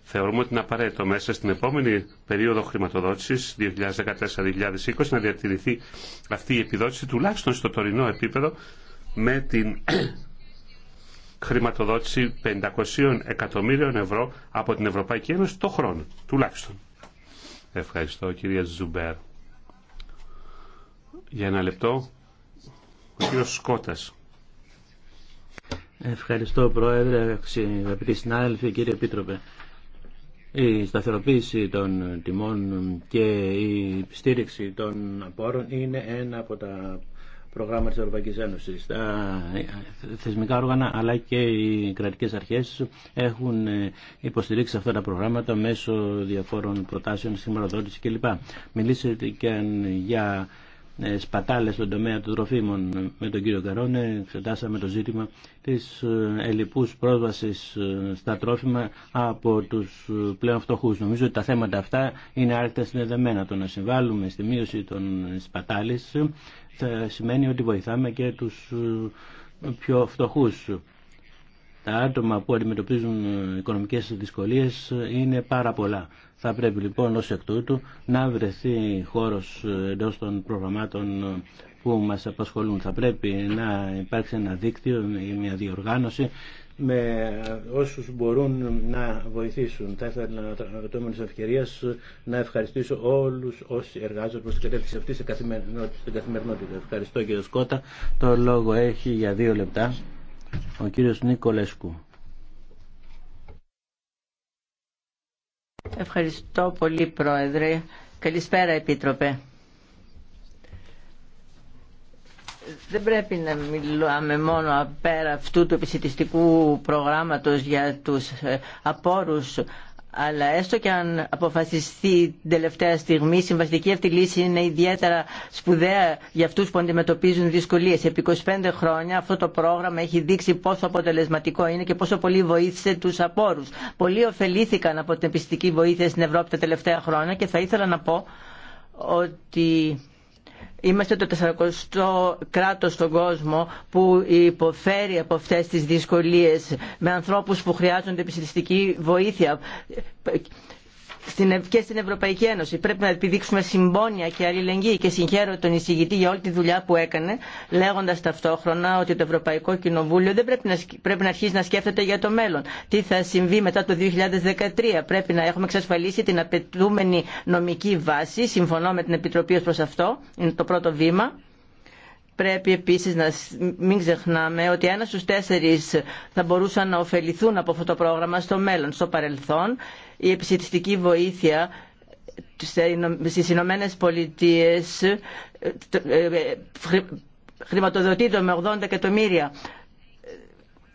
Θεωρούμε ότι είναι απαραίτητο μέσα στην επόμενη περίοδο χρηματοδότησης 2014-2020 να διατηρηθεί αυτή η επιδότηση τουλάχιστον στο τωρινό επίπεδο με την χρηματοδότηση 500 εκατομμύριων ευρώ από την Ευρωπαϊκή Ένωση το χρόνο, τουλάχιστον. Ευχαριστώ κυρία Ζουμπέρ. Για ένα λεπτό, ο κύριος Σκότας. Ευχαριστώ Πρόεδρε, αγαπητοί συνάδελφοι, κύριε Επίτροπε η σταθεροποίηση των τιμών και η στήριξη των πόρων είναι ένα από τα προγράμματα της Ευρωπαϊκής Ένωσης. Τα θεσμικά όργανα αλλά και οι κρατικές αρχές έχουν υποστηρίξει αυτά τα προγράμματα μέσω διαφόρων προτάσεων, σηματοδότηση κλπ. Μιλήσετε και για ε, Σπατάλε στον τομέα των τροφίμων με τον κύριο Καρόνε εξετάσαμε το ζήτημα τη ε, ελληπού πρόσβασης ε, στα τρόφιμα από τους πλέον φτωχού. Νομίζω ότι τα θέματα αυτά είναι άρρηκτα συνδεδεμένα. Το να συμβάλλουμε στη μείωση των σπατάλη θα σημαίνει ότι βοηθάμε και τους πιο φτωχού τα άτομα που αντιμετωπίζουν ε, οικονομικές δυσκολίες ε, είναι πάρα πολλά. Θα πρέπει λοιπόν ως εκ τούτου να βρεθεί χώρος ε, εντό των προγραμμάτων που μας απασχολούν. Θα πρέπει να υπάρξει ένα δίκτυο, μια διοργάνωση με όσους μπορούν να βοηθήσουν. Θα ήθελα να ευκαιρία να ευχαριστήσω όλους όσοι εργάζονται προς την κατεύθυνση αυτή στην καθημερινότητα. Ευχαριστώ κύριε Σκότα. Το λόγο έχει για δύο λεπτά. Ο κύριος Νικολέσκου. Ευχαριστώ πολύ Πρόεδρε. Καλησπέρα Επίτροπε. Δεν πρέπει να μιλάμε μόνο απέρα αυτού του επισητιστικού προγράμματος για τους ε, απόρους, αλλά έστω και αν αποφασιστεί την τελευταία στιγμή, η συμβαστική αυτή λύση είναι ιδιαίτερα σπουδαία για αυτούς που αντιμετωπίζουν δυσκολίες. Επί 25 χρόνια αυτό το πρόγραμμα έχει δείξει πόσο αποτελεσματικό είναι και πόσο πολύ βοήθησε τους απόρους. Πολλοί ωφελήθηκαν από την επιστημική βοήθεια στην Ευρώπη τα τελευταία χρόνια και θα ήθελα να πω ότι Είμαστε το 400 κράτος στον κόσμο που υποφέρει από αυτές τις δυσκολίες με ανθρώπους που χρειάζονται επιστημιστική βοήθεια και στην Ευρωπαϊκή Ένωση. Πρέπει να επιδείξουμε συμπόνια και αλληλεγγύη και συγχαίρω τον εισηγητή για όλη τη δουλειά που έκανε, λέγοντα ταυτόχρονα ότι το Ευρωπαϊκό Κοινοβούλιο δεν πρέπει να, πρέπει να αρχίσει να σκέφτεται για το μέλλον. Τι θα συμβεί μετά το 2013. Πρέπει να έχουμε εξασφαλίσει την απαιτούμενη νομική βάση. Συμφωνώ με την Επιτροπή ω προ αυτό. Είναι το πρώτο βήμα. Πρέπει επίσης να μην ξεχνάμε ότι ένα στους τέσσερι θα μπορούσαν να ωφεληθούν από αυτό το πρόγραμμα στο μέλλον, στο παρελθόν η επιστημιστική βοήθεια στις Ηνωμένε Πολιτείε ε, ε, χρηματοδοτείται με 80 εκατομμύρια.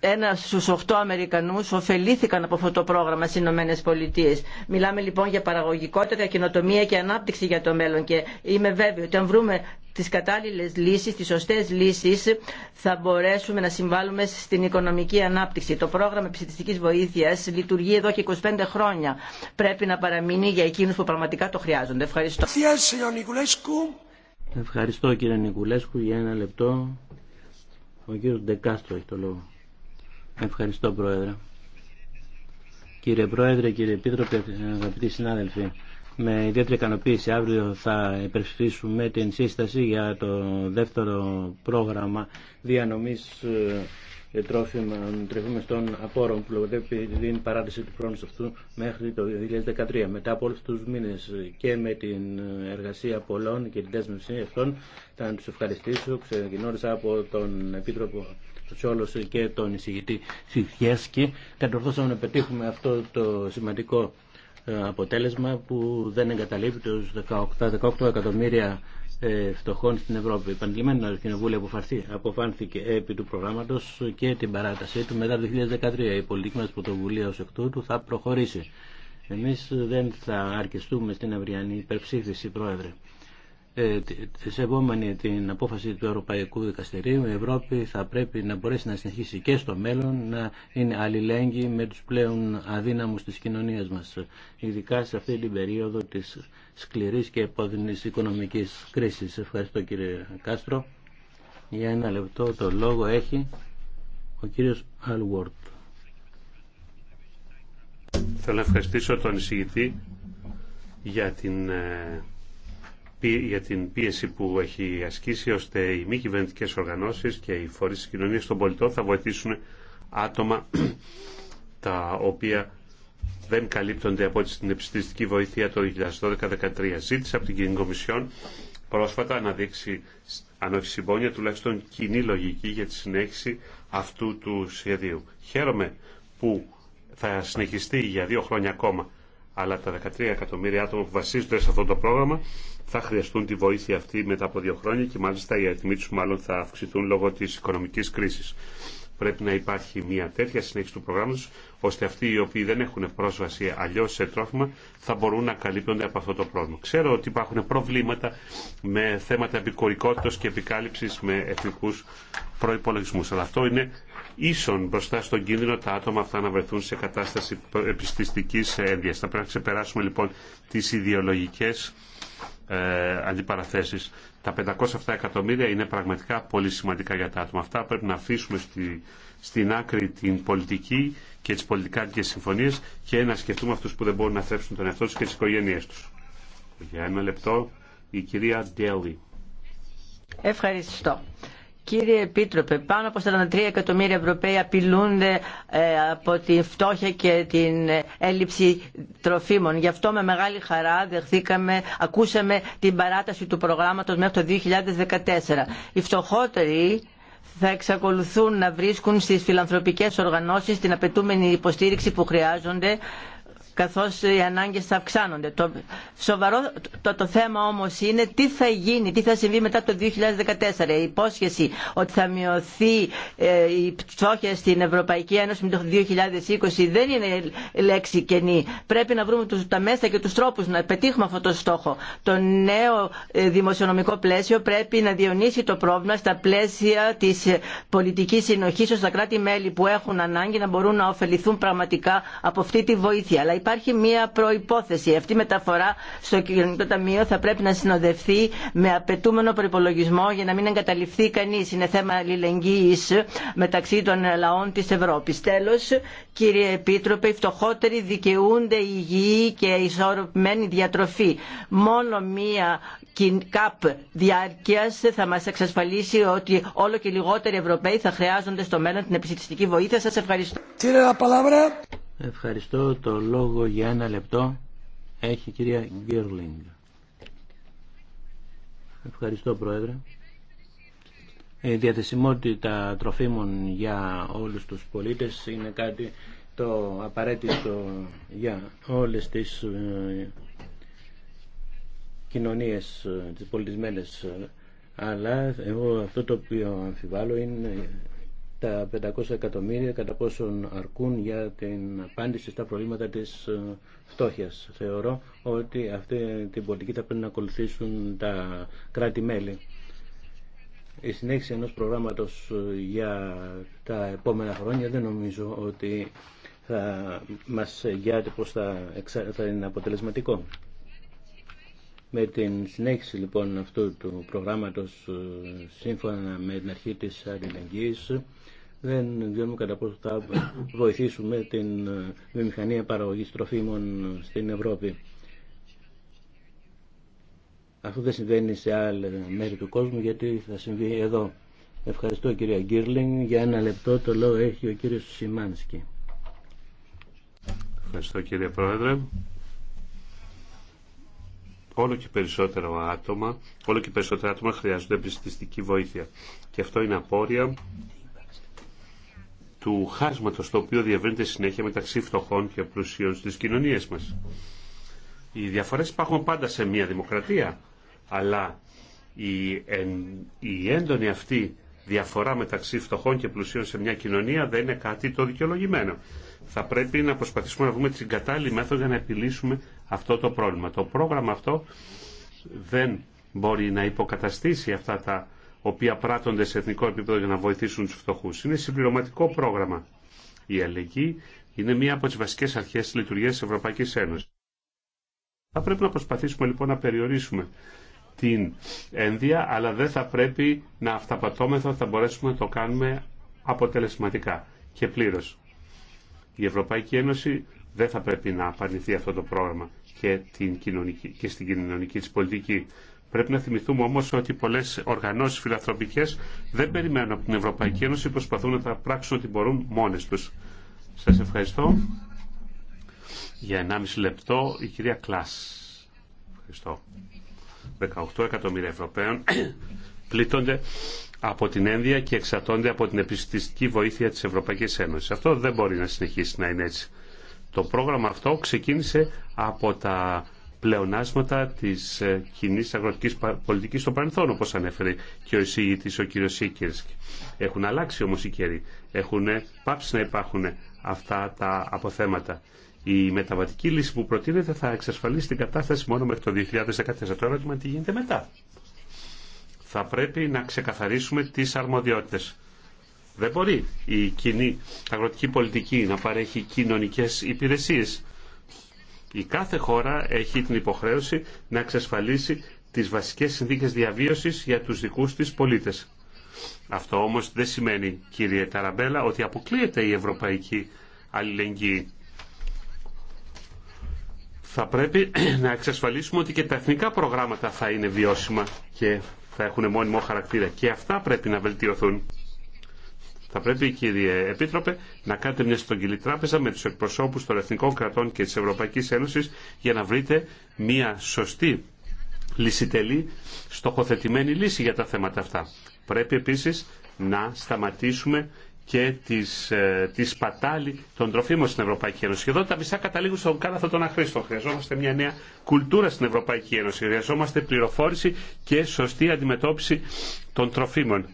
Ένα στους 8 Αμερικανούς ωφελήθηκαν από αυτό το πρόγραμμα στις Ηνωμένε Πολιτείε. Μιλάμε λοιπόν για παραγωγικότητα, κοινοτομία και ανάπτυξη για το μέλλον και είμαι βέβαιο ότι αν βρούμε τις κατάλληλες λύσεις, τις σωστές λύσεις θα μπορέσουμε να συμβάλλουμε στην οικονομική ανάπτυξη. Το πρόγραμμα επιστημιστικής βοήθειας λειτουργεί εδώ και 25 χρόνια. Πρέπει να παραμείνει για εκείνους που πραγματικά το χρειάζονται. Ευχαριστώ. Ευχαριστώ κύριε Νικουλέσκου για ένα λεπτό. Ο κύριος Ντεκάστρο έχει το λόγο. Ευχαριστώ πρόεδρε. Κύριε Πρόεδρε, κύριε Επίτροπε, αγαπητοί συνάδελφοι, με ιδιαίτερη ικανοποίηση αύριο θα υπερψηφίσουμε την σύσταση για το δεύτερο πρόγραμμα διανομής ε, τρόφιμων τρεφούμεστων απόρων που λογοδέπει την παράτηση του χρόνου αυτού μέχρι το 2013. Μετά από όλους τους μήνες και με την εργασία πολλών και την δέσμευση αυτών θα τους ευχαριστήσω ξεκινώντας από τον Επίτροπο Σόλος και τον εισηγητή Σιχιέσκη. Κατορθώσαμε να πετύχουμε αυτό το σημαντικό ε, αποτέλεσμα που δεν εγκαταλείπει τους 18, 18 εκατομμύρια ε, φτωχών στην Ευρώπη. Η Πανελλημένη Κοινοβούλια αποφάνθηκε επί του προγράμματος και την παράτασή του μετά το 2013. Η πολιτική μας πρωτοβουλία ως εκ τούτου θα προχωρήσει. Εμείς δεν θα αρκεστούμε στην αυριανή υπερψήφιση, Πρόεδρε επόμενη την απόφαση του Ευρωπαϊκού Δικαστηρίου, η Ευρώπη θα πρέπει να μπορέσει να συνεχίσει και στο μέλλον να είναι αλληλέγγυη με τους πλέον αδύναμους της κοινωνίας μας, ειδικά σε αυτή την περίοδο της σκληρής και επώδυνης οικονομικής κρίσης. Ευχαριστώ κύριε Κάστρο. Για ένα λεπτό το λόγο έχει ο κύριος Αλουόρτ. Θέλω να ευχαριστήσω τον εισηγητή για την ε, για την πίεση που έχει ασκήσει ώστε οι μη κυβερνητικέ οργανώσεις και οι φορείς της κοινωνίας των πολιτών θα βοηθήσουν άτομα τα οποία δεν καλύπτονται από την επιστημιστική βοήθεια το 2012-2013. Ζήτησε από την Κομισιόν πρόσφατα να δείξει, αν όχι συμπόνια, τουλάχιστον κοινή λογική για τη συνέχιση αυτού του σχεδίου. Χαίρομαι που θα συνεχιστεί για δύο χρόνια ακόμα, αλλά τα 13 εκατομμύρια άτομα που βασίζονται σε αυτό το πρόγραμμα θα χρειαστούν τη βοήθεια αυτή μετά από δύο χρόνια και μάλιστα οι αριθμοί του μάλλον θα αυξηθούν λόγω τη οικονομική κρίση. Πρέπει να υπάρχει μια τέτοια συνέχιση του προγράμματο, ώστε αυτοί οι οποίοι δεν έχουν πρόσβαση αλλιώ σε τρόφιμα θα μπορούν να καλύπτονται από αυτό το πρόβλημα. Ξέρω ότι υπάρχουν προβλήματα με θέματα επικορικότητα και επικάλυψη με εθνικού προπολογισμού, αλλά αυτό είναι ίσον μπροστά στον κίνδυνο τα άτομα αυτά να βρεθούν σε κατάσταση επιστηστική ένδυα. Θα πρέπει να ξεπεράσουμε λοιπόν τι ιδεολογικέ ε, αντιπαραθέσεις. Τα 507 εκατομμύρια είναι πραγματικά πολύ σημαντικά για τα άτομα αυτά. Πρέπει να αφήσουμε στη, στην άκρη την πολιτική και τις πολιτικάτικες συμφωνίες και να σκεφτούμε αυτούς που δεν μπορούν να θρέψουν τον εαυτό τους και τις οικογένειές τους. Για ένα λεπτό, η κυρία Ντέλη. Ευχαριστώ. Κύριε Επίτροπε, πάνω από 43 εκατομμύρια Ευρωπαίοι απειλούνται ε, από τη φτώχεια και την έλλειψη τροφίμων. Γι' αυτό με μεγάλη χαρά δεχθήκαμε, ακούσαμε την παράταση του προγράμματος μέχρι το 2014. Οι φτωχότεροι θα εξακολουθούν να βρίσκουν στις φιλανθρωπικές οργανώσεις την απαιτούμενη υποστήριξη που χρειάζονται καθώς οι ανάγκες θα αυξάνονται. Το σοβαρό το, το θέμα όμως είναι τι θα γίνει, τι θα συμβεί μετά το 2014. Η υπόσχεση ότι θα μειωθεί ε, η φτώχεια στην Ευρωπαϊκή Ένωση με το 2020 δεν είναι λέξη κενή. Πρέπει να βρούμε τους, τα μέσα και τους τρόπους να πετύχουμε αυτό το στόχο. Το νέο ε, δημοσιονομικό πλαίσιο πρέπει να διονύσει το πρόβλημα στα πλαίσια της πολιτικής συνοχής ώστε τα κράτη-μέλη που έχουν ανάγκη να μπορούν να ωφεληθούν πραγματικά από αυτή τη βοήθεια. Αλλά υπάρχει μία προϋπόθεση. Αυτή η μεταφορά στο κοινωνικό ταμείο θα πρέπει να συνοδευτεί με απαιτούμενο προπολογισμό για να μην εγκαταλειφθεί κανείς. Είναι θέμα αλληλεγγύης μεταξύ των λαών της Ευρώπης. Τέλος, κύριε Επίτροπε, οι φτωχότεροι δικαιούνται υγιή και ισορροπημένη διατροφή. Μόνο μία ΚΑΠ διάρκεια θα μα εξασφαλίσει ότι όλο και λιγότεροι Ευρωπαίοι θα χρειάζονται στο μέλλον την επιστημιστική βοήθεια. Σα ευχαριστώ. Ευχαριστώ. Το λόγο για ένα λεπτό έχει η κυρία Γκέρλινγκ. Ευχαριστώ Πρόεδρε. Η διαθεσιμότητα τροφίμων για όλους τους πολίτες είναι κάτι το απαραίτητο για όλες τις ε, κοινωνίες, ε, τις πολιτισμένες. Αλλά εγώ αυτό το οποίο αμφιβάλλω είναι τα 500 εκατομμύρια κατά πόσον αρκούν για την απάντηση στα προβλήματα της ε, φτώχειας. Θεωρώ ότι αυτή την πολιτική θα πρέπει να ακολουθήσουν τα κράτη-μέλη. Η συνέχιση ενός προγράμματος ε, για τα επόμενα χρόνια δεν νομίζω ότι θα μας ε, γιάται πως θα είναι αποτελεσματικό. Με την συνέχιση λοιπόν αυτού του προγράμματος ε, σύμφωνα με την αρχή της αλληλεγγύης δεν βιώνουμε κατά πόσο θα βοηθήσουμε την ε, βιομηχανία παραγωγής τροφίμων στην Ευρώπη. Αυτό δεν συμβαίνει σε άλλα μέρη του κόσμου γιατί θα συμβεί εδώ. Ευχαριστώ κυρία Γκίρλινγκ. Για ένα λεπτό το λόγο έχει ο κύριος Σιμάνσκι. Ευχαριστώ κύριε Πρόεδρε όλο και περισσότερο άτομα, όλο και περισσότερα άτομα χρειάζονται επιστηστική βοήθεια. Και αυτό είναι απόρρια του χάσματος το οποίο διαβαίνεται συνέχεια μεταξύ φτωχών και πλουσίων στις κοινωνίες μας. Οι διαφορές υπάρχουν πάντα σε μια δημοκρατία, αλλά η, εν, η έντονη αυτή διαφορά μεταξύ φτωχών και πλουσίων σε μια κοινωνία δεν είναι κάτι το δικαιολογημένο. Θα πρέπει να προσπαθήσουμε να βρούμε την κατάλληλη μέθοδο για να επιλύσουμε αυτό το πρόβλημα. Το πρόγραμμα αυτό δεν μπορεί να υποκαταστήσει αυτά τα οποία πράττονται σε εθνικό επίπεδο για να βοηθήσουν τους φτωχούς. Είναι συμπληρωματικό πρόγραμμα. Η αλληλεγγύη είναι μία από τις βασικές αρχές της λειτουργίας της Ευρωπαϊκής Ένωσης. Θα πρέπει να προσπαθήσουμε λοιπόν να περιορίσουμε την ένδια, αλλά δεν θα πρέπει να αυταπατώμεθα, θα μπορέσουμε να το κάνουμε αποτελεσματικά και πλήρως. Η Ευρωπαϊκή Ένωση δεν θα πρέπει να απαρνηθεί αυτό το πρόγραμμα και, την κοινωνική, και στην κοινωνική της πολιτική. Πρέπει να θυμηθούμε όμως ότι πολλές οργανώσεις φιλανθρωπικές δεν περιμένουν από την Ευρωπαϊκή Ένωση, προσπαθούν να τα πράξουν ό,τι μπορούν μόνες τους. Σας ευχαριστώ. Για 1,5 λεπτό η κυρία Κλάς. Ευχαριστώ. 18 εκατομμύρια Ευρωπαίων πλήττονται από την ένδια και εξατώνται από την επιστημιστική βοήθεια της Ευρωπαϊκής Ένωσης. Αυτό δεν μπορεί να συνεχίσει να είναι έτσι. Το πρόγραμμα αυτό ξεκίνησε από τα πλεονάσματα της ε, κοινή αγροτικής πολιτικής στο παρελθόν, όπως ανέφερε και ο εισηγητής ο κ. Σίκερσκι. Έχουν αλλάξει όμως οι καιροί. Έχουν πάψει να υπάρχουν αυτά τα αποθέματα. Η μεταβατική λύση που προτείνεται θα εξασφαλίσει την κατάσταση μόνο μέχρι το 2014. Το ερώτημα τι γίνεται μετά. Θα πρέπει να ξεκαθαρίσουμε τις αρμοδιότητες. Δεν μπορεί η κοινή αγροτική πολιτική να παρέχει κοινωνικές υπηρεσίες. Η κάθε χώρα έχει την υποχρέωση να εξασφαλίσει τις βασικές συνθήκες διαβίωσης για τους δικούς της πολίτες. Αυτό όμως δεν σημαίνει, κύριε Ταραμπέλα, ότι αποκλείεται η ευρωπαϊκή αλληλεγγύη. Θα πρέπει να εξασφαλίσουμε ότι και τα εθνικά προγράμματα θα είναι βιώσιμα και θα έχουν μόνιμο χαρακτήρα. Και αυτά πρέπει να βελτιωθούν. Θα πρέπει, κύριε Επίτροπε, να κάνετε μια στρογγυλή τράπεζα με του εκπροσώπου των Εθνικών Κρατών και τη Ευρωπαϊκή Ένωση για να βρείτε μια σωστή λυσιτελή στοχοθετημένη λύση για τα θέματα αυτά. Πρέπει επίσης να σταματήσουμε και τις, ε, τη σπατάλη των τροφίμων στην Ευρωπαϊκή Ένωση. Και εδώ τα μισά καταλήγουν στον κάλαθο των αχρήστων. Χρειαζόμαστε μια νέα κουλτούρα στην Ευρωπαϊκή Ένωση. Χρειαζόμαστε πληροφόρηση και σωστή αντιμετώπιση των τροφίμων.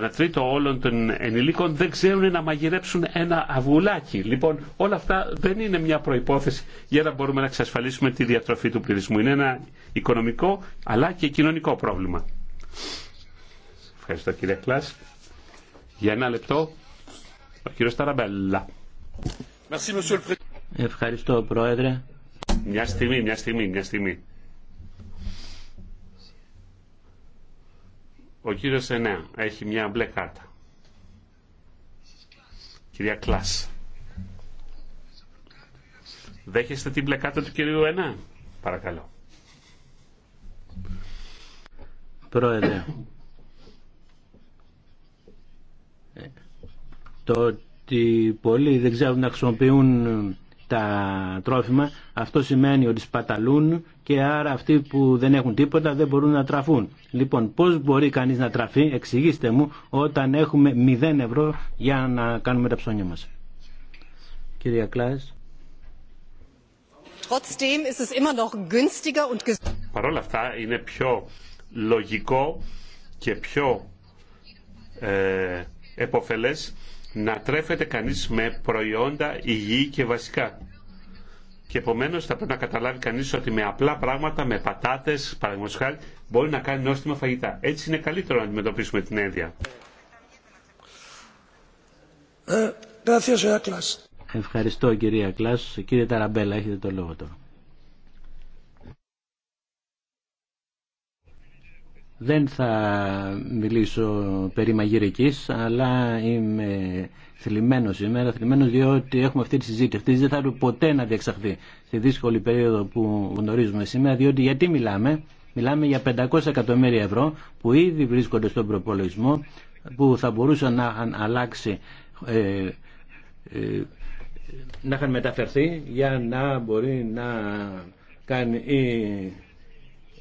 Το 1 τρίτο όλων των ενηλίκων δεν ξέρουν να μαγειρέψουν ένα αυγουλάκι. Λοιπόν, όλα αυτά δεν είναι μια προϋπόθεση για να μπορούμε να εξασφαλίσουμε τη διατροφή του πληθυσμού. Είναι ένα οικονομικό αλλά και κοινωνικό πρόβλημα. Ευχαριστώ κύριε Κλάς. Για ένα λεπτό, ο κύριος Ταραμπέλα. Ευχαριστώ πρόεδρε. Μια στιγμή, μια στιγμή, μια στιγμή. Ο κύριος Ενέα έχει μια μπλε κάρτα. Κυρία Κλάς. Δέχεστε την μπλε κάρτα του κυρίου Ενέα. Παρακαλώ. Πρόεδρε. Ε, το ότι πολλοί δεν ξέρουν να χρησιμοποιούν τα τρόφιμα, αυτό σημαίνει ότι σπαταλούν και άρα αυτοί που δεν έχουν τίποτα δεν μπορούν να τραφούν. Λοιπόν, πώς μπορεί κανείς να τραφεί, εξηγήστε μου, όταν έχουμε 0 ευρώ για να κάνουμε τα ψώνια μας. Κυρία Κλάς. Παρ' όλα αυτά είναι πιο λογικό και πιο ε, να τρέφεται κανείς με προϊόντα υγιή και βασικά. Και επομένω θα πρέπει να καταλάβει κανεί ότι με απλά πράγματα, με πατάτε, παραδείγματο χάρη, μπορεί να κάνει νόστιμα φαγητά. Έτσι είναι καλύτερο να αντιμετωπίσουμε την ένδια. Ε, Ευχαριστώ κυρία Κλάσ. Κύριε Ταραμπέλα, έχετε το λόγο τώρα. Δεν θα μιλήσω περί μαγειρικής, αλλά είμαι θλιμμένος σήμερα, θλιμμένος διότι έχουμε αυτή τη συζήτηση. Αυτή δεν θα έρθει ποτέ να διεξαχθεί στη δύσκολη περίοδο που γνωρίζουμε σήμερα, διότι γιατί μιλάμε. Μιλάμε για 500 εκατομμύρια ευρώ που ήδη βρίσκονται στον προπολογισμό, που θα μπορούσαν να αλλάξει ε, ε, να είχαν μεταφερθεί για να μπορεί να κάνει η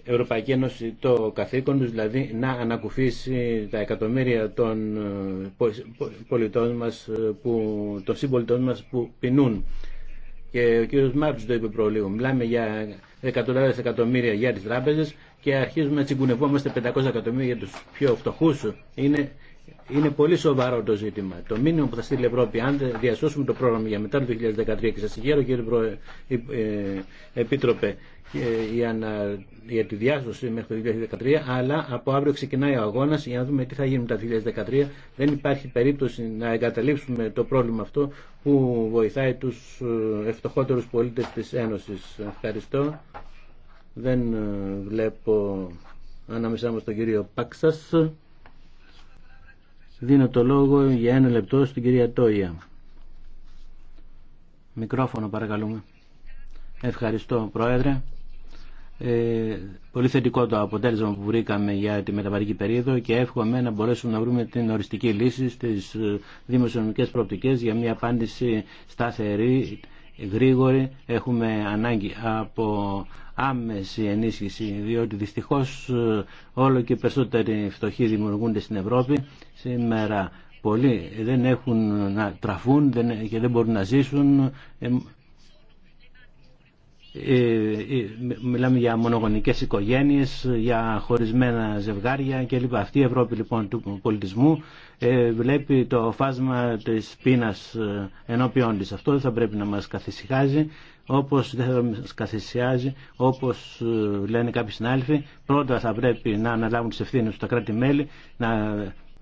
Ευρωπαϊκή Ένωση το καθήκον τους, δηλαδή να ανακουφίσει τα εκατομμύρια των ε, πολιτών μας, ε, που, των συμπολιτών μας που πεινούν. Και ο κύριος Μάρτς το είπε προλίγο. Μιλάμε για εκατοντάδες εκατομμύρια για τις τράπεζες και αρχίζουμε να τσιγκουνευόμαστε 500 εκατομμύρια για τους πιο φτωχούς. Είναι είναι πολύ σοβαρό το ζήτημα. Το μήνυμα που θα στείλει η Ευρώπη, αν διασώσουμε το πρόγραμμα για μετά το 2013, και σα συγχαίρω κύριε ε, ε, Επίτροπε, ε, για, να... για τη διάσωση μέχρι το 2013, αλλά από αύριο ξεκινάει ο αγώνα για να δούμε τι θα γίνει μετά το 2013. Δεν υπάρχει περίπτωση να εγκαταλείψουμε το πρόβλημα αυτό που βοηθάει του ευτυχότερου πολίτε τη Ένωση. Ευχαριστώ. Δεν βλέπω ανάμεσά μας τον κύριο Πάξας. Δίνω το λόγο για ένα λεπτό στην κυρία Τόια. Μικρόφωνο παρακαλούμε. Ευχαριστώ Πρόεδρε. Ε, πολύ θετικό το αποτέλεσμα που βρήκαμε για τη μεταβαρική περίοδο και εύχομαι να μπορέσουμε να βρούμε την οριστική λύση στις ε, δημοσιονομικές προοπτικές για μια απάντηση σταθερή, γρήγορη. Έχουμε ανάγκη από άμεση ενίσχυση διότι δυστυχώς ε, όλο και περισσότεροι φτωχοί δημιουργούνται στην Ευρώπη Σήμερα πολλοί δεν έχουν να τραφούν δεν, και δεν μπορούν να ζήσουν. Ε, ε, μιλάμε για μονογονικές οικογένειες, για χωρισμένα ζευγάρια λοιπά. Αυτή η Ευρώπη λοιπόν του πολιτισμού ε, βλέπει το φάσμα της πείνας ενώπιόν της. Αυτό δεν θα πρέπει να μας καθησυχάζει όπως δεν θα μας όπως λένε κάποιοι συνάδελφοι, πρώτα θα πρέπει να αναλάβουν τις ευθύνες του τα κράτη-μέλη, να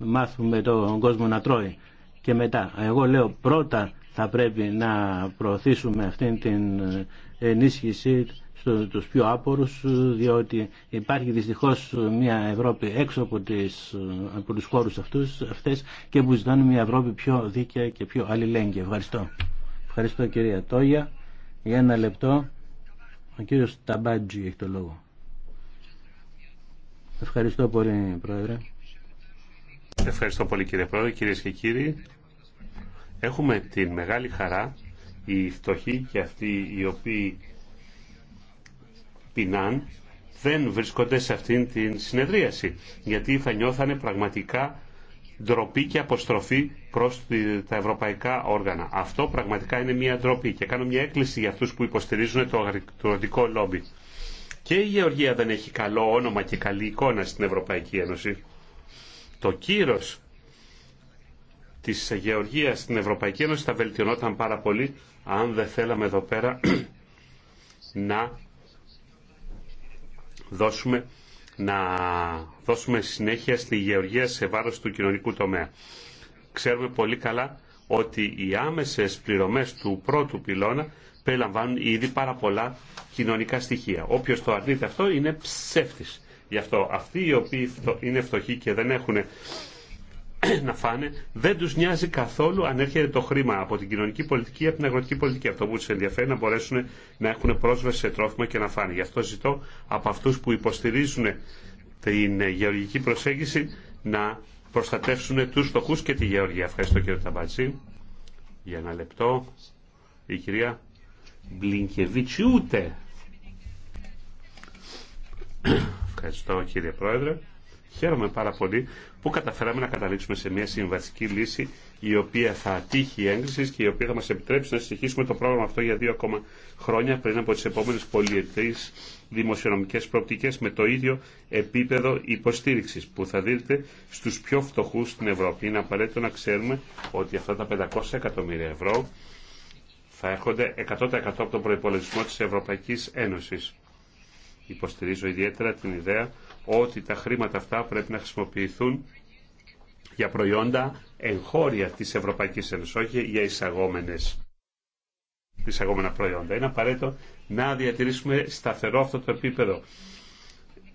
μάθουμε τον κόσμο να τρώει. Και μετά, εγώ λέω πρώτα θα πρέπει να προωθήσουμε αυτή την ε, ενίσχυση στους πιο άπορους διότι υπάρχει δυστυχώς μια Ευρώπη έξω από, τις, από τους χώρους αυτούς, αυτές και που ζητάνε μια Ευρώπη πιο δίκαια και πιο αλληλέγγυα. Ευχαριστώ. Ευχαριστώ κυρία Τόγια. Για ένα λεπτό ο κύριος Ταμπάτζη έχει το λόγο. Ευχαριστώ πολύ πρόεδρε. Ευχαριστώ πολύ κύριε Πρόεδρε, κυρίες και κύριοι. Έχουμε την μεγάλη χαρά οι φτωχοί και αυτοί οι οποίοι πεινάν δεν βρίσκονται σε αυτήν την συνεδρίαση γιατί θα νιώθανε πραγματικά ντροπή και αποστροφή προς τα ευρωπαϊκά όργανα. Αυτό πραγματικά είναι μια ντροπή και κάνω μια έκκληση για αυτούς που υποστηρίζουν το αγροτικό λόμπι. Και η Γεωργία δεν έχει καλό όνομα και καλή εικόνα στην Ευρωπαϊκή Ένωση το κύρος της γεωργίας στην Ευρωπαϊκή Ένωση θα βελτιωνόταν πάρα πολύ αν δεν θέλαμε εδώ πέρα να δώσουμε, να δώσουμε συνέχεια στη γεωργία σε βάρος του κοινωνικού τομέα. Ξέρουμε πολύ καλά ότι οι άμεσες πληρωμές του πρώτου πυλώνα περιλαμβάνουν ήδη πάρα πολλά κοινωνικά στοιχεία. Όποιος το αρνείται αυτό είναι ψεύτης. Γι' αυτό αυτοί οι οποίοι είναι φτωχοί και δεν έχουν να φάνε, δεν του νοιάζει καθόλου αν έρχεται το χρήμα από την κοινωνική πολιτική ή από την αγροτική πολιτική. Αυτό που του ενδιαφέρει να μπορέσουν να έχουν πρόσβαση σε τρόφιμα και να φάνε. Γι' αυτό ζητώ από αυτού που υποστηρίζουν την γεωργική προσέγγιση να προστατεύσουν του φτωχού και τη γεωργία. Ευχαριστώ κύριε Ταμπατζή. Για ένα λεπτό. Η κυρία Μπλίνκεβιτσιούτε. Ευχαριστώ κύριε Πρόεδρε. Χαίρομαι πάρα πολύ που καταφέραμε να καταλήξουμε σε μια συμβατική λύση η οποία θα η έγκριση και η οποία θα μα επιτρέψει να συνεχίσουμε το πρόγραμμα αυτό για δύο ακόμα χρόνια πριν από τι επόμενε πολιετέ δημοσιονομικέ προοπτικέ με το ίδιο επίπεδο υποστήριξη που θα δίνεται στου πιο φτωχού στην Ευρώπη. Είναι απαραίτητο να ξέρουμε ότι αυτά τα 500 εκατομμύρια ευρώ θα έρχονται 100% από τον προπολογισμό τη Ευρωπαϊκή Ένωση. Υποστηρίζω ιδιαίτερα την ιδέα ότι τα χρήματα αυτά πρέπει να χρησιμοποιηθούν για προϊόντα εγχώρια της Ευρωπαϊκής Ένωσης, όχι για εισαγόμενες, εισαγόμενα προϊόντα. Είναι απαραίτητο να διατηρήσουμε σταθερό αυτό το επίπεδο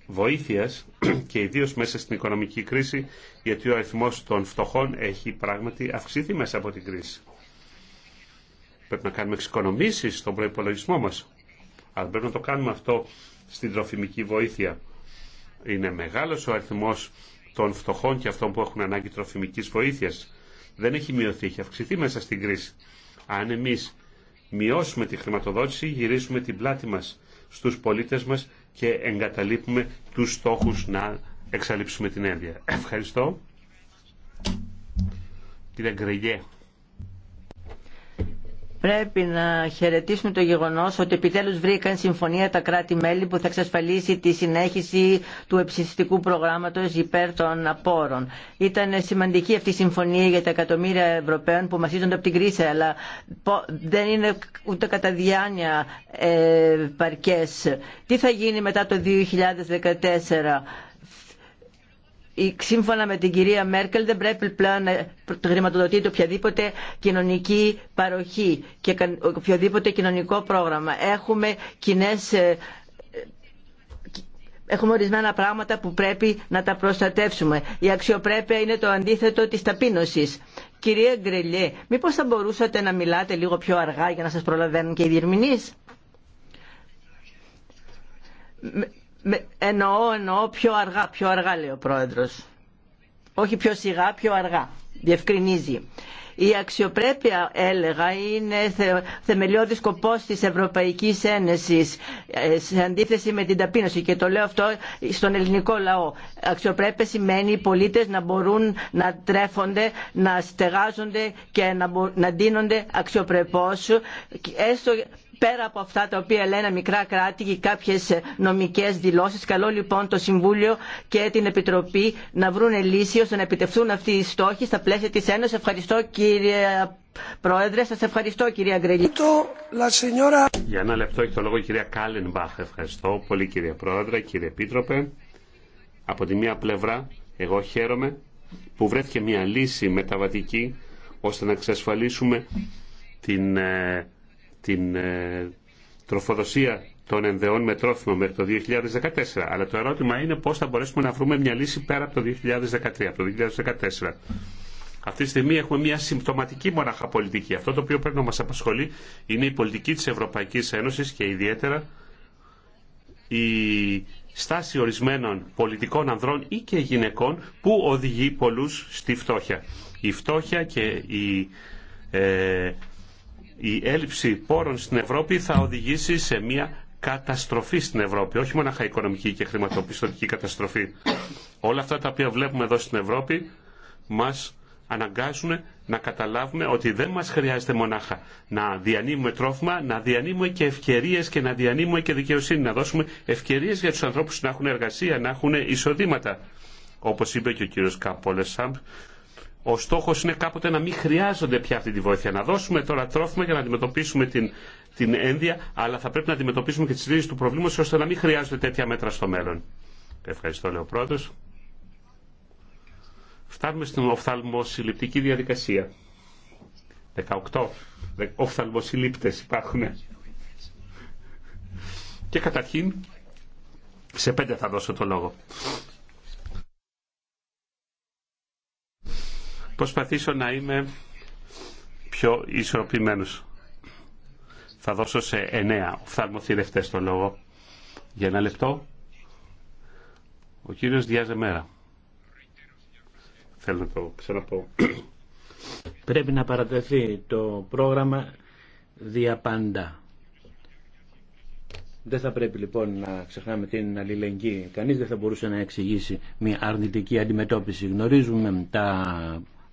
βοήθειας και ιδίως μέσα στην οικονομική κρίση, γιατί ο αριθμό των φτωχών έχει πράγματι αυξηθεί μέσα από την κρίση. Πρέπει να κάνουμε εξοικονομήσεις στον προϋπολογισμό μας, αλλά πρέπει να το κάνουμε αυτό στην τροφιμική βοήθεια. Είναι μεγάλος ο αριθμός των φτωχών και αυτών που έχουν ανάγκη τροφιμικής βοήθειας. Δεν έχει μειωθεί, έχει αυξηθεί μέσα στην κρίση. Αν εμείς μειώσουμε τη χρηματοδότηση, γυρίσουμε την πλάτη μας στους πολίτες μας και εγκαταλείπουμε τους στόχους να εξαλείψουμε την ένδια. Ευχαριστώ. Κύριε Γκρεγέ πρέπει να χαιρετήσουμε το γεγονός ότι επιτέλου βρήκαν συμφωνία τα κράτη-μέλη που θα εξασφαλίσει τη συνέχιση του εψιστικού προγράμματος υπέρ των απόρων. Ήταν σημαντική αυτή η συμφωνία για τα εκατομμύρια Ευρωπαίων που μαθίζονται από την κρίση, αλλά δεν είναι ούτε κατά διάνοια ε, παρκέ. Τι θα γίνει μετά το 2014 σύμφωνα με την κυρία Μέρκελ δεν πρέπει πλέον να χρηματοδοτείται οποιαδήποτε κοινωνική παροχή και οποιοδήποτε κοινωνικό πρόγραμμα. Έχουμε κοινέ. Ε, ε, έχουμε ορισμένα πράγματα που πρέπει να τα προστατεύσουμε. Η αξιοπρέπεια είναι το αντίθετο της ταπείνωσης. Κυρία Γκρελιέ, μήπως θα μπορούσατε να μιλάτε λίγο πιο αργά για να σας προλαβαίνουν και οι διερμηνείς εννοώ, εννοώ πιο αργά, πιο αργά λέει ο πρόεδρος. Όχι πιο σιγά, πιο αργά. Διευκρινίζει. Η αξιοπρέπεια, έλεγα, είναι θεμελιώδη σκοπό τη Ευρωπαϊκή Ένωση ε, σε αντίθεση με την ταπείνωση. Και το λέω αυτό στον ελληνικό λαό. Αξιοπρέπεια σημαίνει οι πολίτε να μπορούν να τρέφονται, να στεγάζονται και να ντύνονται αξιοπρεπώ, έστω πέρα από αυτά τα οποία λένε μικρά κράτη και κάποιε νομικέ δηλώσει. Καλό λοιπόν το Συμβούλιο και την Επιτροπή να βρουν λύση ώστε να επιτευχθούν αυτοί οι στόχοι στα πλαίσια τη Ένωση. Ευχαριστώ κύριε Πρόεδρε, σα ευχαριστώ κυρία Γκρελή. Για ένα λεπτό έχει το λόγο η κυρία Κάλενμπαχ. Ευχαριστώ πολύ κύριε Πρόεδρε, κύριε Επίτροπε. Από τη μία πλευρά εγώ χαίρομαι που βρέθηκε μια λύση μεταβατική ώστε να εξασφαλίσουμε την ε, την ε, τροφοδοσία των ενδεών με τρόφιμο μέχρι το 2014. Αλλά το ερώτημα είναι πώς θα μπορέσουμε να βρούμε μια λύση πέρα από το 2013, από το 2014. Αυτή τη στιγμή έχουμε μια συμπτωματική μονάχα πολιτική. Αυτό το οποίο πρέπει να μας απασχολεί είναι η πολιτική της Ευρωπαϊκής Ένωσης και ιδιαίτερα η στάση ορισμένων πολιτικών ανδρών ή και γυναικών που οδηγεί πολλούς στη φτώχεια. Η φτώχεια και η ε, η έλλειψη πόρων στην Ευρώπη θα οδηγήσει σε μια καταστροφή στην Ευρώπη, όχι μόνο οικονομική και χρηματοπιστωτική καταστροφή. Όλα αυτά τα οποία βλέπουμε εδώ στην Ευρώπη μας αναγκάζουν να καταλάβουμε ότι δεν μας χρειάζεται μονάχα να διανύμουμε τρόφιμα, να διανύμουμε και ευκαιρίες και να διανύμουμε και δικαιοσύνη, να δώσουμε ευκαιρίες για τους ανθρώπους να έχουν εργασία, να έχουν εισοδήματα. Όπως είπε και ο κύριος Καπόλεσσαμπ, ο στόχο είναι κάποτε να μην χρειάζονται πια αυτή τη βοήθεια. Να δώσουμε τώρα τρόφιμα για να αντιμετωπίσουμε την, την ένδια, αλλά θα πρέπει να αντιμετωπίσουμε και τι λύσει του προβλήματο ώστε να μην χρειάζονται τέτοια μέτρα στο μέλλον. Ευχαριστώ, λέω ο Φτάνουμε στην οφθαλμοσυλληπτική διαδικασία. 18 Οφθαλμοσυλλήπτε υπάρχουν. Και καταρχήν, σε πέντε θα δώσω το λόγο. προσπαθήσω να είμαι πιο ισορροπημένος. Θα δώσω σε εννέα οφθαλμοθυρευτές το λόγο. Για ένα λεπτό. Ο κύριος Διάζε Μέρα. Θέλω να το ξαναπώ. Πρέπει να παρατεθεί το πρόγραμμα διαπάντα. Δεν θα πρέπει λοιπόν να ξεχνάμε την αλληλεγγύη. Κανείς δεν θα μπορούσε να εξηγήσει μια αρνητική αντιμετώπιση. Γνωρίζουμε τα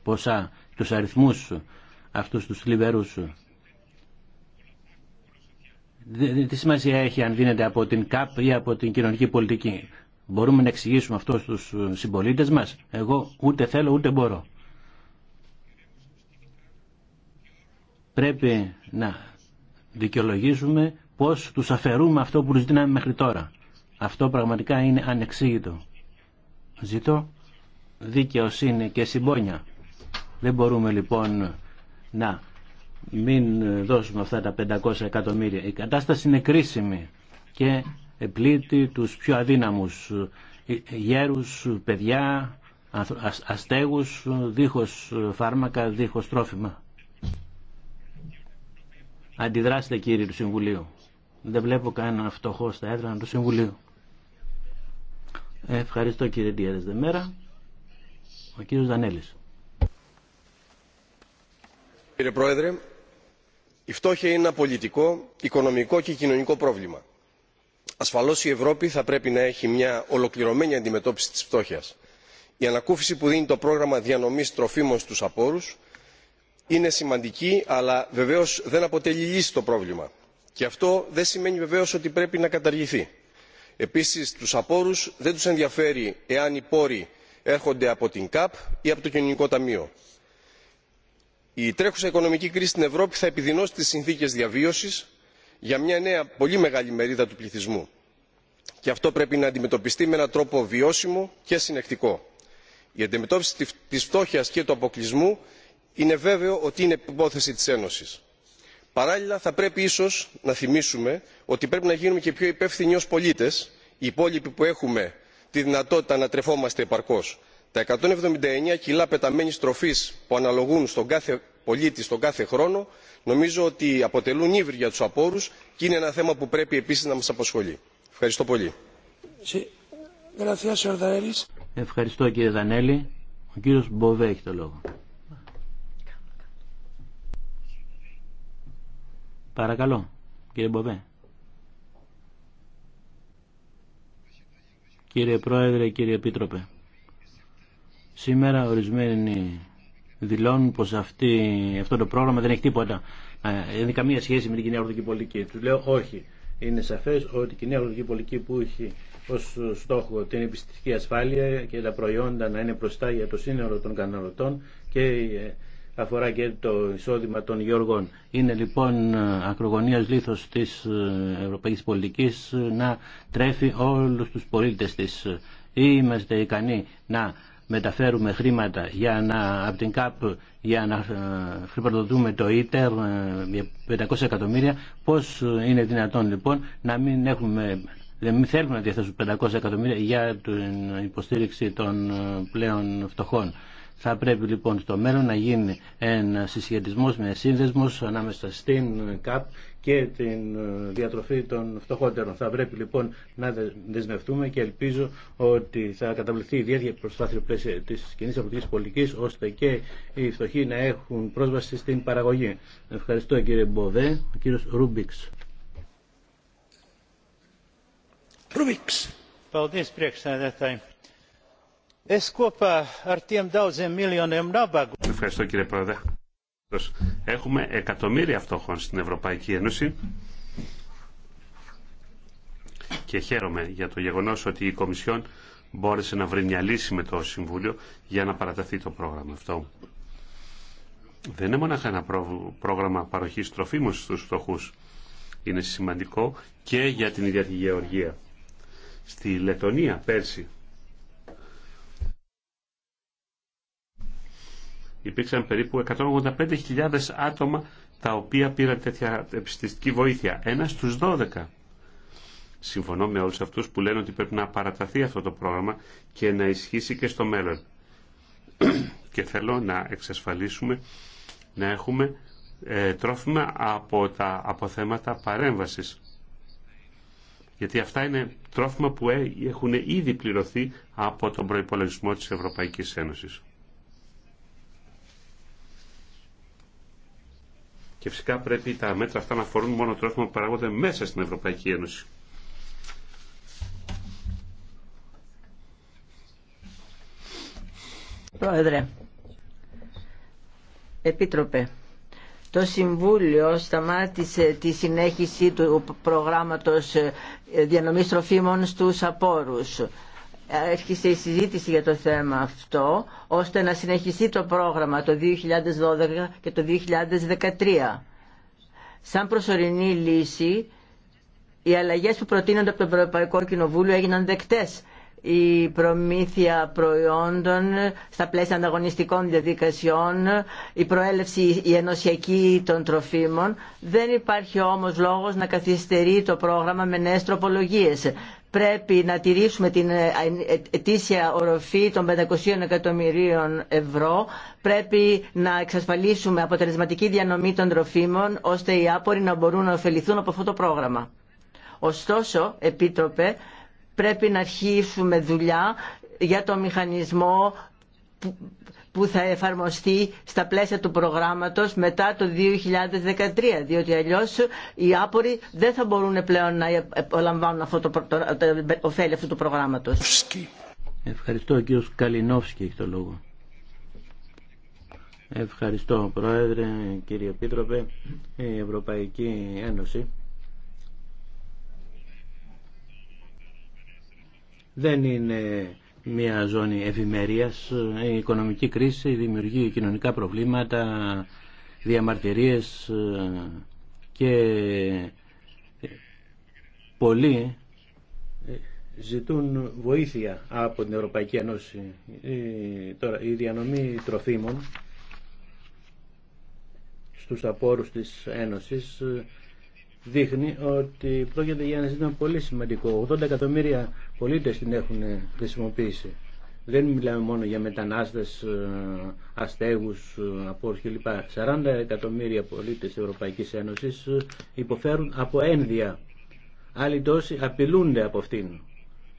ποσά, τους αριθμούς αυτούς τους θλιβερούς. Τι σημασία έχει αν δίνεται από την ΚΑΠ ή από την κοινωνική πολιτική. Μπορούμε να εξηγήσουμε αυτό στους ε, συμπολίτες μας. Εγώ ούτε θέλω ούτε μπορώ. Πρέπει να δικαιολογήσουμε πώς τους αφαιρούμε αυτό που τους δίναμε μέχρι τώρα. Αυτό πραγματικά είναι ανεξήγητο. Ζητώ δικαιοσύνη και συμπόνια. Δεν μπορούμε λοιπόν να μην δώσουμε αυτά τα 500 εκατομμύρια. Η κατάσταση είναι κρίσιμη και πλήττει τους πιο αδύναμους ε, γέρους, παιδιά, αστέγους, δίχως φάρμακα, δίχως τρόφιμα. Αντιδράστε κύριε του Συμβουλίου. Δεν βλέπω κανένα φτωχό στα έδρανα του Συμβουλίου. Ευχαριστώ κύριε Ντιέρες Δεμέρα. Ο κύριος Δανέλης κύριε πρόεδρε η φτώχεια είναι ένα πολιτικό οικονομικό και κοινωνικό πρόβλημα. ασφαλώς η ευρώπη θα πρέπει να έχει μια ολοκληρωμένη αντιμετώπιση της φτώχειας. η ανακούφιση που δίνει το πρόγραμμα διανομής τροφίμων στους απόρους είναι σημαντική αλλά βεβαίως δεν αποτελεί λύση στο πρόβλημα και αυτό δεν σημαίνει βεβαίως ότι πρέπει να καταργηθεί. επίσης τους απόρους δεν τους ενδιαφέρει εάν οι πόροι έρχονται από την καπ ή από το κοινωνικό ταμείο η τρέχουσα οικονομική κρίση στην ευρώπη θα επιδεινώσει τις συνθήκες διαβίωσης για μια νέα πολύ μεγάλη μερίδα του πληθυσμού και αυτό πρέπει να αντιμετωπιστεί με έναν τρόπο βιώσιμο και συνεκτικό. η αντιμετώπιση της φτώχειας και του αποκλεισμού είναι βέβαιο ότι είναι υπόθεση της ένωσης. παράλληλα θα πρέπει ίσως να θυμίσουμε ότι πρέπει να γίνουμε και πιο υπεύθυνοι ως πολίτες οι υπόλοιποι που έχουμε τη δυνατότητα να τρεφόμαστε επαρκώς τα 179 κιλά πεταμένης τροφής που αναλογούν στον κάθε πολίτη στον κάθε χρόνο νομίζω ότι αποτελούν ύβρι για τους απόρους και είναι ένα θέμα που πρέπει επίσης να μας απασχολεί. ευχαριστώ πολύ. Ευχαριστώ κύριε Δανέλη. Ο κύριος Μποβέ έχει το λόγο. Παρακαλώ, κύριε Μποβέ. Κύριε Πρόεδρε, κύριε Επίτροπε. Σήμερα ορισμένοι δηλώνουν πως αυτό το πρόγραμμα δεν έχει τίποτα, ε, δεν έχει καμία σχέση με την κοινή αγροτική πολιτική. Τους λέω όχι. Είναι σαφές ότι η κοινή αγροτική πολιτική που έχει ως στόχο την επιστημική ασφάλεια και τα προϊόντα να είναι προστά για το σύνολο των καναλωτών και ε, αφορά και το εισόδημα των γεωργών. Είναι λοιπόν ακρογωνίας λήθος της ε, ευρωπαϊκής πολιτικής να τρέφει όλους τους πολίτες της. είμαστε ικανοί να μεταφέρουμε χρήματα για να, από την ΚΑΠ για να ε, χρηματοδοτούμε το ΙΤΕΡ ε, για 500 εκατομμύρια. Πώς ε, είναι δυνατόν λοιπόν να μην έχουμε δεν μην θέλουμε να διαθέσουμε 500 εκατομμύρια για την υποστήριξη των πλέον φτωχών. Θα πρέπει λοιπόν στο μέλλον να γίνει ένα συσχετισμό με σύνδεσμο ανάμεσα στην ΚΑΠ και την διατροφή των φτωχότερων. Θα πρέπει λοιπόν να δεσμευτούμε και ελπίζω ότι θα καταβληθεί ιδιαίτερη προσπάθεια πλαίσια τη κοινή αγροτική πολιτική ώστε και οι φτωχοί να έχουν πρόσβαση στην παραγωγή. Ευχαριστώ κύριε Μποδέ. Ο κύριο Ρούμπιξ. Ρούμπιξ. Ευχαριστώ κύριε Πρόεδρε. Έχουμε εκατομμύρια φτωχών στην Ευρωπαϊκή Ένωση και χαίρομαι για το γεγονός ότι η Κομισιόν μπόρεσε να βρει μια λύση με το Συμβούλιο για να παραταθεί το πρόγραμμα αυτό. Δεν είναι μόνο ένα πρόγραμμα παροχής τροφίμων στους φτωχούς. Είναι σημαντικό και για την ίδια τη γεωργία. Στη Λετωνία πέρσι υπήρξαν περίπου 185.000 άτομα τα οποία πήραν τέτοια επιστηστική βοήθεια. Ένα στου 12. Συμφωνώ με όλους αυτούς που λένε ότι πρέπει να παραταθεί αυτό το πρόγραμμα και να ισχύσει και στο μέλλον. και θέλω να εξασφαλίσουμε να έχουμε ε, τρόφιμα από τα αποθέματα παρέμβασης. Γιατί αυτά είναι τρόφιμα που ε, έχουν ήδη πληρωθεί από τον προϋπολογισμό της Ευρωπαϊκής Ένωσης. Και φυσικά πρέπει τα μέτρα αυτά να αφορούν μόνο τρόφιμα που παράγονται μέσα στην Ευρωπαϊκή Ένωση. Πρόεδρε, Επίτροπε, το Συμβούλιο σταμάτησε τη συνέχιση του προγράμματος ε, διανομής τροφίμων στους απόρους έρχισε η συζήτηση για το θέμα αυτό, ώστε να συνεχιστεί το πρόγραμμα το 2012 και το 2013. Σαν προσωρινή λύση, οι αλλαγές που προτείνονται από το Ευρωπαϊκό Κοινοβούλιο έγιναν δεκτές η προμήθεια προϊόντων στα πλαίσια ανταγωνιστικών διαδικασιών, η προέλευση η ενωσιακή των τροφίμων. Δεν υπάρχει όμως λόγος να καθυστερεί το πρόγραμμα με νέες τροπολογίες. Πρέπει να τηρήσουμε την ετήσια οροφή των 500 εκατομμυρίων ευρώ. Πρέπει να εξασφαλίσουμε αποτελεσματική διανομή των τροφίμων, ώστε οι άποροι να μπορούν να ωφεληθούν από αυτό το πρόγραμμα. Ωστόσο, Επίτροπε, πρέπει να αρχίσουμε δουλειά για το μηχανισμό που θα εφαρμοστεί στα πλαίσια του προγράμματος μετά το 2013, διότι αλλιώς οι άποροι δεν θα μπορούν πλέον να απολαμβάνουν αυτό το, το, ωφέλη αυτού του προγράμματος. Ευχαριστώ, κύριο Καλινόφσκι έχει το λόγο. Ευχαριστώ, Πρόεδρε, κύριε Επίτροπε, η Ευρωπαϊκή Ένωση δεν είναι μια ζώνη ευημερία. Η οικονομική κρίση δημιουργεί κοινωνικά προβλήματα, διαμαρτυρίες ε, και πολλοί ε, ζητούν βοήθεια από την Ευρωπαϊκή Ένωση. Τώρα, η διανομή τροφίμων στους απόρους της Ένωσης ε, δείχνει ότι πρόκειται για ένα ζήτημα πολύ σημαντικό. 80 εκατομμύρια πολίτες την έχουν χρησιμοποιήσει. Δεν μιλάμε μόνο για μετανάστες, ε, αστέγους, ε, απόρους κλπ. 40 εκατομμύρια πολίτε τη Ευρωπαϊκής Ένωσης ε, υποφέρουν από ένδια. Άλλοι τόσοι απειλούνται από αυτήν.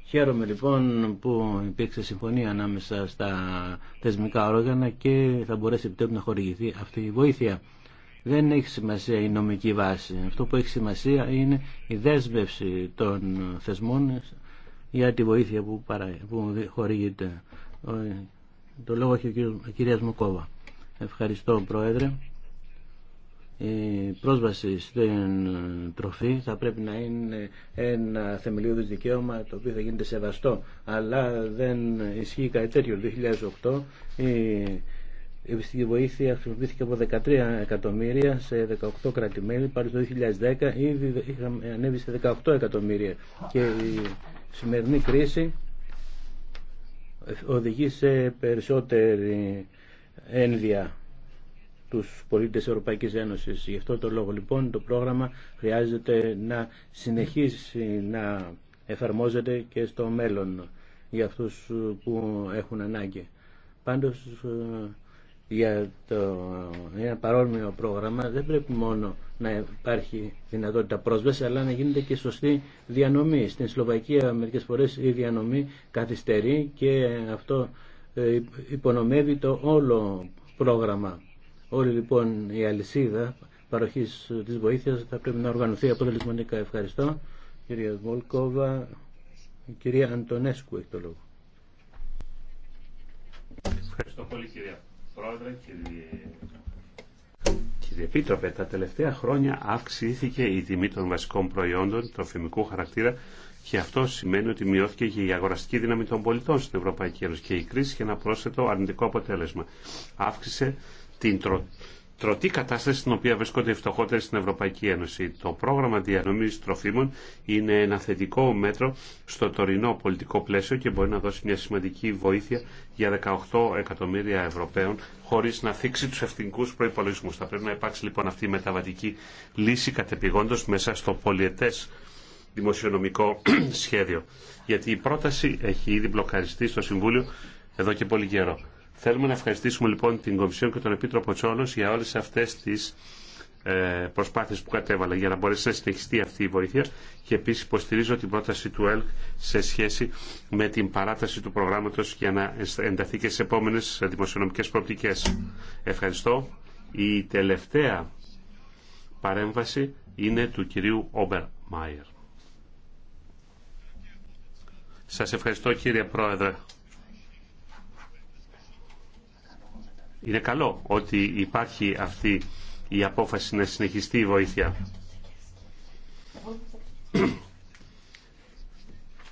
Χαίρομαι λοιπόν που υπήρξε συμφωνία ανάμεσα στα θεσμικά όργανα και θα μπορέσει επιτέλου να χορηγηθεί αυτή η βοήθεια δεν έχει σημασία η νομική βάση. Αυτό που έχει σημασία είναι η δέσμευση των θεσμών για τη βοήθεια που, που χορηγείται. Το λόγο έχει ο κυρίας Μουκόβα. Ευχαριστώ Πρόεδρε. Η πρόσβαση στην τροφή θα πρέπει να είναι ένα θεμελιώδης δικαίωμα το οποίο θα γίνεται σεβαστό. Αλλά δεν ισχύει κάτι τέτοιο. 2008 η βοήθεια χρησιμοποιήθηκε από 13 εκατομμύρια σε 18 κράτη-μέλη. Πάλι το 2010 ήδη είχαμε ανέβει σε 18 εκατομμύρια. Και η σημερινή κρίση οδηγεί σε περισσότερη ένδια τους πολίτες Ευρωπαϊκής Ένωσης. Γι' αυτό το λόγο λοιπόν το πρόγραμμα χρειάζεται να συνεχίσει να εφαρμόζεται και στο μέλλον για αυτούς που έχουν ανάγκη. Πάντως για το ένα παρόμοιο πρόγραμμα δεν πρέπει μόνο να υπάρχει δυνατότητα πρόσβαση αλλά να γίνεται και σωστή διανομή. Στην Σλοβακία μερικές φορές η διανομή καθυστερεί και αυτό ε, υπονομεύει το όλο πρόγραμμα. Όλη λοιπόν η αλυσίδα παροχής της βοήθειας θα πρέπει να οργανωθεί αποτελεσματικά. Ευχαριστώ. Κυρία Βολκόβα, κυρία Αντωνέσκου έχει το λόγο. Ευχαριστώ πολύ κυρία. Πρόεδρε, κύριε... Κύριε Πίτροπε, τα τελευταία χρόνια αυξήθηκε η τιμή των βασικών προϊόντων, τροφιμικού χαρακτήρα και αυτό σημαίνει ότι μειώθηκε και η αγοραστική δύναμη των πολιτών στην Ευρωπαϊκή Ένωση και η κρίση είχε ένα πρόσθετο αρνητικό αποτέλεσμα. Αύξησε την, τρο τρωτή κατάσταση στην οποία βρίσκονται οι φτωχότερε στην Ευρωπαϊκή Ένωση. Το πρόγραμμα διανομής τροφίμων είναι ένα θετικό μέτρο στο τωρινό πολιτικό πλαίσιο και μπορεί να δώσει μια σημαντική βοήθεια για 18 εκατομμύρια Ευρωπαίων χωρί να θίξει του ευθυνικού προπολογισμού. Θα πρέπει να υπάρξει λοιπόν αυτή η μεταβατική λύση κατεπηγόντω μέσα στο πολιετές δημοσιονομικό σχέδιο. Γιατί η πρόταση έχει ήδη μπλοκαριστεί στο Συμβούλιο εδώ και πολύ καιρό. Θέλουμε να ευχαριστήσουμε λοιπόν την Κομισιόν και τον Επίτροπο Τσόλος για όλες αυτές τις ε, προσπάθειες που κατέβαλα για να μπορέσει να συνεχιστεί αυτή η βοήθεια και επίσης υποστηρίζω την πρόταση του ΕΛΚ σε σχέση με την παράταση του προγράμματος για να ενταθεί και σε επόμενες δημοσιονομικές προοπτικές. Ευχαριστώ. Η τελευταία παρέμβαση είναι του κυρίου Όμπερ Μάιερ. Σας ευχαριστώ κύριε Πρόεδρε. Είναι καλό ότι υπάρχει αυτή η απόφαση να συνεχιστεί η βοήθεια.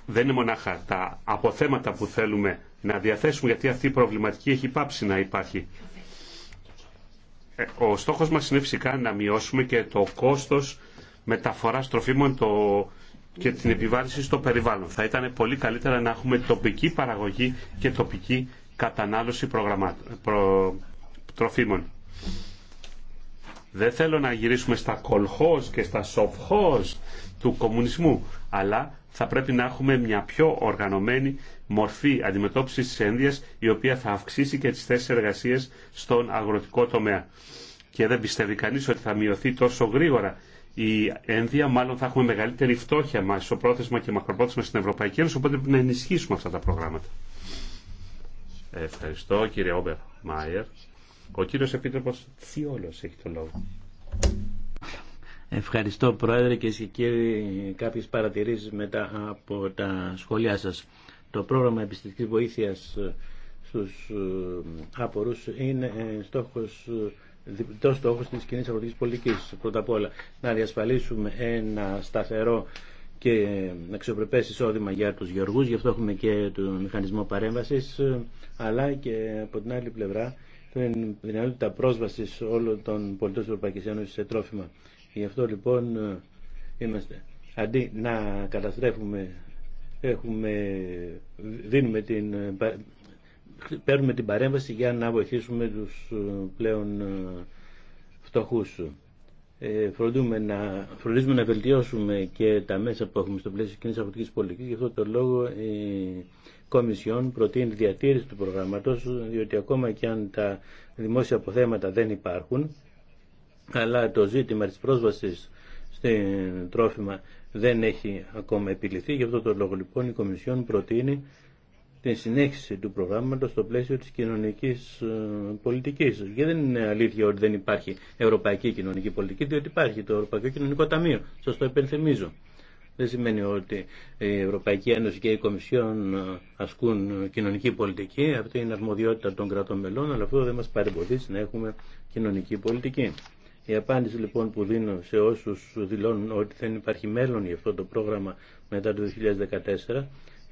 Δεν είναι μονάχα τα αποθέματα που θέλουμε να διαθέσουμε, γιατί αυτή η προβληματική έχει πάψει να υπάρχει. Ε, ο στόχος μας είναι φυσικά να μειώσουμε και το κόστος μεταφοράς τροφίμων το... και την επιβάρηση στο περιβάλλον. Θα ήταν πολύ καλύτερα να έχουμε τοπική παραγωγή και τοπική κατανάλωση προ... τροφίμων. Δεν θέλω να γυρίσουμε στα κολχώς και στα σοφχώς του κομμουνισμού, αλλά θα πρέπει να έχουμε μια πιο οργανωμένη μορφή αντιμετώπισης της ένδυας, η οποία θα αυξήσει και τις θέσεις εργασίας στον αγροτικό τομέα. Και δεν πιστεύει κανείς ότι θα μειωθεί τόσο γρήγορα η ένδυα, μάλλον θα έχουμε μεγαλύτερη φτώχεια στο πρόθεσμα και μακροπρόθεσμα στην Ευρωπαϊκή Ένωση, οπότε πρέπει να ενισχύσουμε αυτά τα προγράμματα. Ευχαριστώ κύριε Όμπερ Μάιερ. Ο κύριος Επίτροπος Τσιόλος έχει το λόγο. Ευχαριστώ Πρόεδρε και εσύ, κύριοι κάποιες παρατηρήσεις μετά από τα σχόλιά σας. Το πρόγραμμα επιστημικής βοήθειας ε, στους άπορους ε, είναι ε, στόχος διπλό στόχο της κοινής αγροτικής πολιτική. Πρώτα απ' όλα, να διασφαλίσουμε ένα σταθερό και αξιοπρεπέ εισόδημα για του γεωργού, γι' αυτό έχουμε και τον μηχανισμό παρέμβαση, αλλά και από την άλλη πλευρά την δυνατότητα πρόσβαση όλων των πολιτών τη Ευρωπαϊκή Ένωση σε τρόφιμα. Γι' αυτό λοιπόν είμαστε. Αντί να καταστρέφουμε, έχουμε, δίνουμε την, παίρνουμε την παρέμβαση για να βοηθήσουμε του ε, πλέον ε, φτωχούς. Ε, φροντίζουμε να, φροντίζουμε να βελτιώσουμε και τα μέσα που έχουμε στο πλαίσιο κοινή αγροτική πολιτική. Γι' αυτό το λόγο η Κομισιόν προτείνει διατήρηση του προγράμματο, διότι ακόμα και αν τα δημόσια αποθέματα δεν υπάρχουν, αλλά το ζήτημα τη πρόσβαση στην τρόφιμα δεν έχει ακόμα επιληθεί. Γι' αυτό το λόγο λοιπόν η Κομισιόν προτείνει την συνέχιση του προγράμματος στο πλαίσιο της κοινωνικής ε, πολιτικής. Και δεν είναι αλήθεια ότι δεν υπάρχει ευρωπαϊκή κοινωνική πολιτική, διότι υπάρχει το Ευρωπαϊκό Κοινωνικό Ταμείο. Σας το υπενθυμίζω. Δεν σημαίνει ότι η Ευρωπαϊκή Ένωση και η Κομισιόν ε, ασκούν κοινωνική πολιτική. Αυτή είναι αρμοδιότητα των κρατών μελών, αλλά αυτό δεν μας παρεμποδίσει να έχουμε κοινωνική πολιτική. Η απάντηση λοιπόν που δίνω σε όσους δηλώνουν ότι δεν υπάρχει μέλλον για αυτό το πρόγραμμα μετά το 2014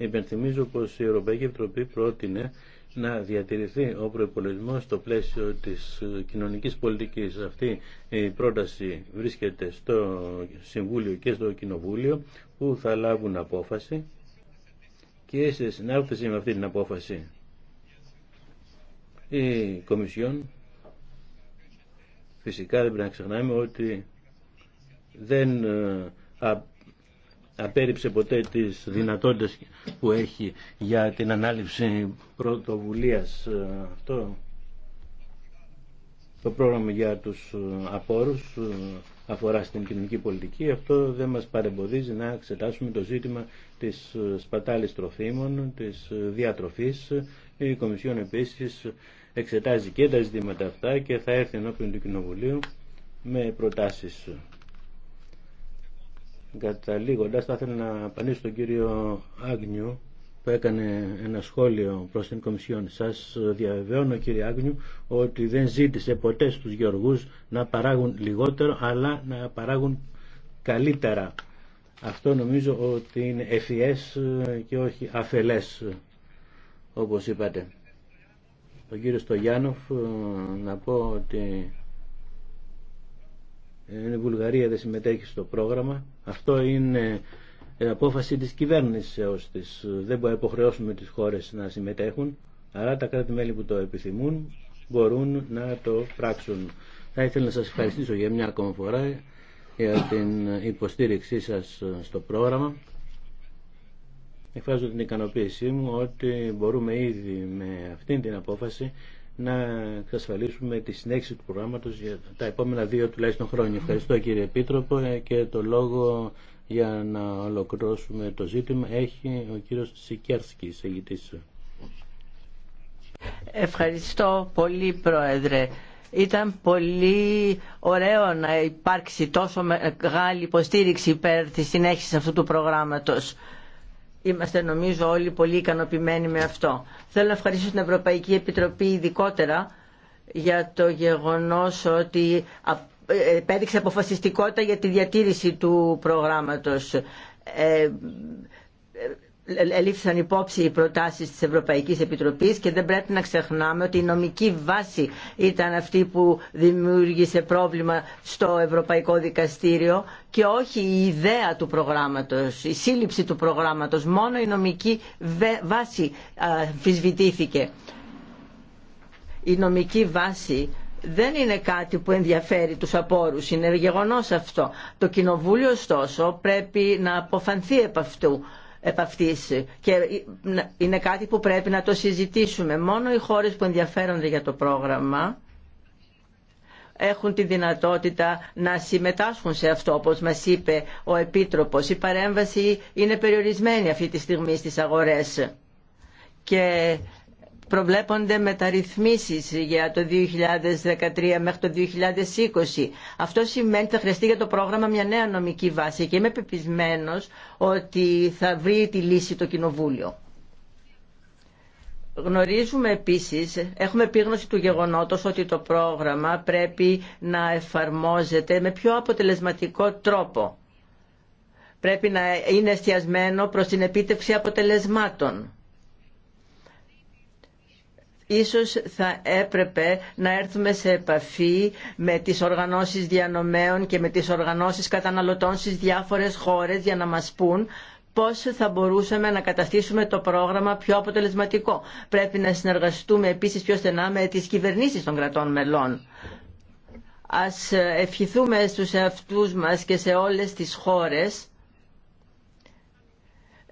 Υπενθυμίζω πως η Ευρωπαϊκή Επιτροπή πρότεινε να διατηρηθεί ο προπολογισμό στο πλαίσιο της κοινωνικής πολιτικής. Αυτή η πρόταση βρίσκεται στο Συμβούλιο και στο Κοινοβούλιο που θα λάβουν απόφαση και σε συνάρτηση με αυτή την απόφαση η Κομισιόν φυσικά δεν πρέπει να ξεχνάμε ότι δεν ε, απέρριψε ποτέ τις δυνατότητες που έχει για την ανάληψη πρωτοβουλίας ε, αυτό το πρόγραμμα για τους ε, απόρους ε, αφορά στην κοινωνική πολιτική αυτό δεν μας παρεμποδίζει να εξετάσουμε το ζήτημα της σπατάλης τροφίμων, της διατροφής η Κομισιόν επίσης εξετάζει και τα ζητήματα αυτά και θα έρθει ενώπιον του Κοινοβουλίου με προτάσεις Καταλήγοντα, θα ήθελα να απαντήσω στον κύριο Άγνιου που έκανε ένα σχόλιο προς την Κομισιόν. Σας διαβεβαιώνω κύριε Άγνιου ότι δεν ζήτησε ποτέ στους γεωργούς να παράγουν λιγότερο αλλά να παράγουν καλύτερα. Αυτό νομίζω ότι είναι ευφυές και όχι αφελές όπως είπατε. Ο κύριο Στογιάνοφ να πω ότι η Βουλγαρία δεν συμμετέχει στο πρόγραμμα. Αυτό είναι ε, απόφαση της κυβέρνησης της. Δεν μπορούμε να υποχρεώσουμε τις χώρες να συμμετέχουν, αλλά τα κράτη-μέλη που το επιθυμούν μπορούν να το πράξουν. Θα ήθελα να σας ευχαριστήσω για μια ακόμα φορά για την υποστήριξή σας ε, στο πρόγραμμα. Εκφράζω την ικανοποίησή μου ότι μπορούμε ήδη με αυτήν την απόφαση να εξασφαλίσουμε τη συνέχιση του προγράμματος για τα επόμενα δύο τουλάχιστον χρόνια. Ευχαριστώ κύριε Επίτροπο ε, και το λόγο για να ολοκληρώσουμε το ζήτημα έχει ο κύριος Σικέρσκης, εγητής. Ευχαριστώ πολύ Πρόεδρε. Ήταν πολύ ωραίο να υπάρξει τόσο μεγάλη υποστήριξη υπέρ της συνέχισης αυτού του προγράμματος. Είμαστε νομίζω όλοι πολύ ικανοποιημένοι με αυτό. Θέλω να ευχαριστήσω την Ευρωπαϊκή Επιτροπή ειδικότερα για το γεγονός ότι ε, επέδειξε αποφασιστικότητα για τη διατήρηση του προγράμματος. Ε, ελήφθησαν υπόψη οι προτάσεις της Ευρωπαϊκής Επιτροπής και δεν πρέπει να ξεχνάμε ότι η νομική βάση ήταν αυτή που δημιούργησε πρόβλημα στο Ευρωπαϊκό Δικαστήριο και όχι η ιδέα του προγράμματος, η σύλληψη του προγράμματος, μόνο η νομική βάση αμφισβητήθηκε. Η νομική βάση δεν είναι κάτι που ενδιαφέρει τους απόρους, είναι γεγονός αυτό. Το Κοινοβούλιο ωστόσο πρέπει να αποφανθεί επ' αυτού και είναι κάτι που πρέπει να το συζητήσουμε. Μόνο οι χώρες που ενδιαφέρονται για το πρόγραμμα έχουν τη δυνατότητα να συμμετάσχουν σε αυτό, όπως μας είπε ο Επίτροπος. Η παρέμβαση είναι περιορισμένη αυτή τη στιγμή στις αγορές και προβλέπονται μεταρρυθμίσεις για το 2013 μέχρι το 2020. Αυτό σημαίνει ότι θα χρειαστεί για το πρόγραμμα μια νέα νομική βάση και είμαι πεπισμένος ότι θα βρει τη λύση το Κοινοβούλιο. Γνωρίζουμε επίσης, έχουμε επίγνωση του γεγονότος ότι το πρόγραμμα πρέπει να εφαρμόζεται με πιο αποτελεσματικό τρόπο. Πρέπει να είναι εστιασμένο προς την επίτευξη αποτελεσμάτων Ίσως θα έπρεπε να έρθουμε σε επαφή με τις οργανώσεις διανομέων και με τις οργανώσεις καταναλωτών στις διάφορες χώρες για να μας πούν πώς θα μπορούσαμε να καταστήσουμε το πρόγραμμα πιο αποτελεσματικό. Πρέπει να συνεργαστούμε επίσης πιο στενά με τις κυβερνήσεις των κρατών μελών. Ας ευχηθούμε στους εαυτούς μας και σε όλες τις χώρες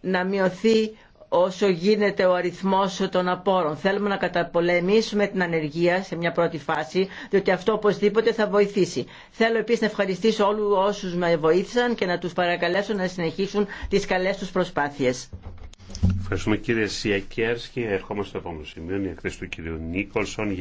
να μειωθεί όσο γίνεται ο αριθμός των απόρων. Θέλουμε να καταπολεμήσουμε την ανεργία σε μια πρώτη φάση, διότι αυτό οπωσδήποτε θα βοηθήσει. Θέλω επίσης να ευχαριστήσω όλους όσους με βοήθησαν και να τους παρακαλέσω να συνεχίσουν τις καλές τους προσπάθειες. Ευχαριστούμε κύριε Σιακέρσκη. ερχόμαστε στο επόμενο σημείο, η του κυρίου Νίκολσον